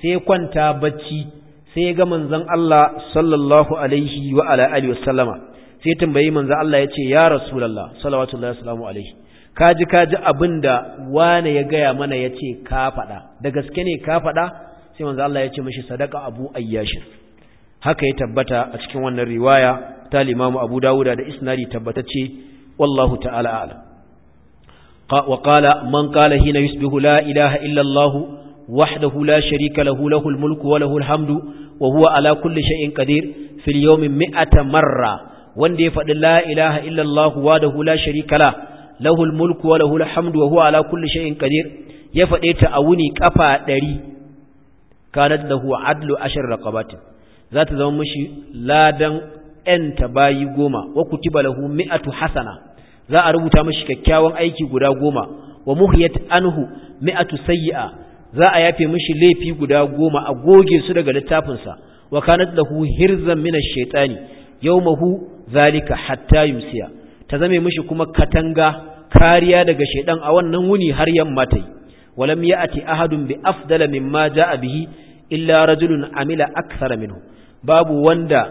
sai kwanta bacci sai ya ga manzon Allah sallallahu alaihi wa ala alihi wasallama sai tambayi manzon Allah yace ya rasulullah sallallahu alaihi alaihi kaji kaji abinda wane ya gaya mana yace ka faɗa da gaske ne ka faɗa sai manzon Allah yace mishi sadaka abu ayyash haka ya tabbata a cikin wannan riwaya ta limamu abu dawuda da isnadi ce wallahu ta'ala a'lam wa qala man qala hina yusbihu la ilaha illa allah وحده لا شريك له له الملك وله الحمد وهو على كل شيء قدير في اليوم مئة مرة وندي فقل لا إله إلا الله وحده لا شريك له له الملك وله الحمد وهو على كل شيء قدير يفقل تأوني كفا داري كانت له عدل عشر رقبات ذات ذو مشي لا دن أنت باي قوما وكتب له مئة حسنة ذا أربط مشي ككاوان أيكي قدا قوما ومهيت أنه مئة سيئة za a yafe mishi laifi guda goma a goge su daga littafinsa wa kanat lahu hirzan min ash-shaytani yawmahu zalika hatta yumsiya ta zame mishi kuma katanga kariya daga shaydan a wannan wuni har yamma tai walam ya'ti ahadun bi afdala mimma ja'a bihi illa rajulun amila akthara minhu babu wanda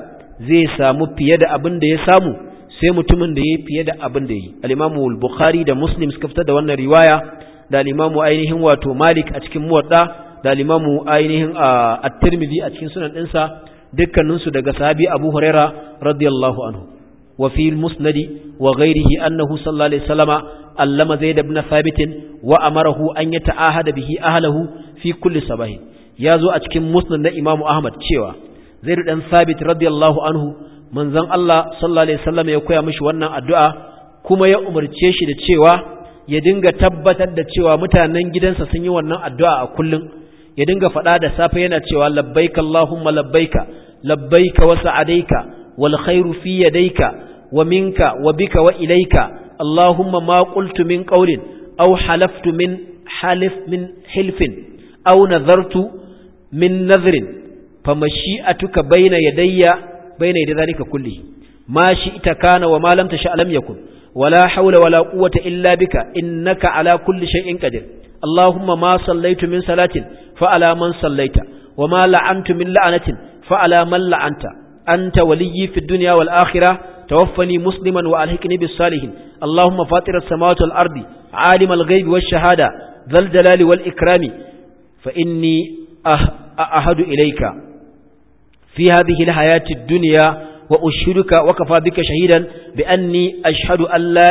zai samu fiye da abin da ya samu sai mutumin da ya fiye da abin da ya yi al-imamu al-bukhari da muslim suka fitar da wannan riwaya da limamu ainihin wato malik a cikin muwadda da limamu ainihin at-tirmidhi a cikin sunan ɗinsa dukkaninsu daga sahabi abu huraira radiyallahu anhu wa fi musnadi wa ghairihi annahu sallallahu alaihi wasallama allama zaid ibn thabit wa amarahu an yata'ahada bihi ahlahu fi kulli ya zo a cikin musnad na imamu ahmad cewa zaid dan thabit radiyallahu anhu manzon Allah sallallahu alaihi wasallama ya koya mishi wannan addu'a kuma ya umarce shi da cewa ya dinga tabbatar da cewa mutanen gidansa sun yi wannan addu'a a kullum ya dinga faɗa da safe yana cewa labbaika Allahumma labbaika labbaika wasu sa'adaika wal khairu fi yadaika wa minka wa bika wa ilaika Allahumma ma qultu min qawlin aw halaftu min halif min hilfin aw nazartu min nazrin fa mashi'atuka bayna yadayya bayna yaday dhalika ma shi'ta kana wa ma lam tasha yakun wala haula wala quwwata illa bika innaka ala kulli shay'in qadir Allahuma ma sallaitu min salatin fa ala man wa ma la'antu min la'anatin fa ala man la'anta anta waliyyi fid duniya wal akhirah tawaffani musliman wa alhiqni bis salihin allahumma fatir as-samawati wal ardi alim al-ghaibi shahada dhal jalali wal ikrami fa inni ahadu ilayka fi hadhihi al-hayati ad wa ushiduka wa kafa bika shahidan bi anni ashadu an la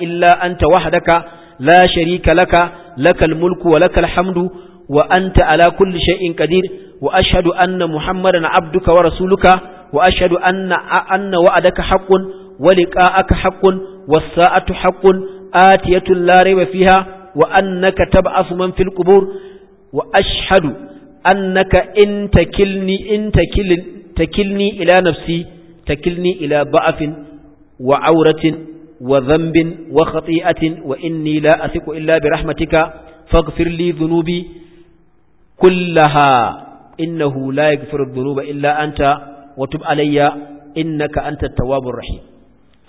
illa anta wahdaka la sharika laka lakal mulku wa lakal hamdu wa anta ala kulli shay'in kadir wa ashhadu anna muhammadan abduka wa rasuluka wa ashhadu anna anna wa'adaka haqqun wa liqa'aka haqqun was sa'atu haqqun آتية لا ريب فيها وأنك تبعث من في القبور وأشهد أنك إن تكلني إن تكل تكلني إلى نفسي takilni ila ba'afin wa auratin wa zambin wa khati'atin wa inni la asiku illa bi rahmatika faghfir li dhunubi kullaha innahu la yaghfiru dhunuba illa anta wa tub alayya innaka antat tawwabur rahim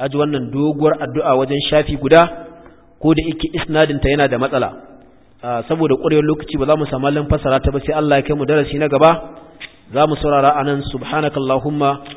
aji wannan doguwar addu'a wajen shafi guda ko da yake isnadin ta yana da matsala saboda ƙurewar lokaci ba za mu samu lan fasara ta ba sai Allah ya kai mu darasi na gaba za mu saurara anan subhanakallahumma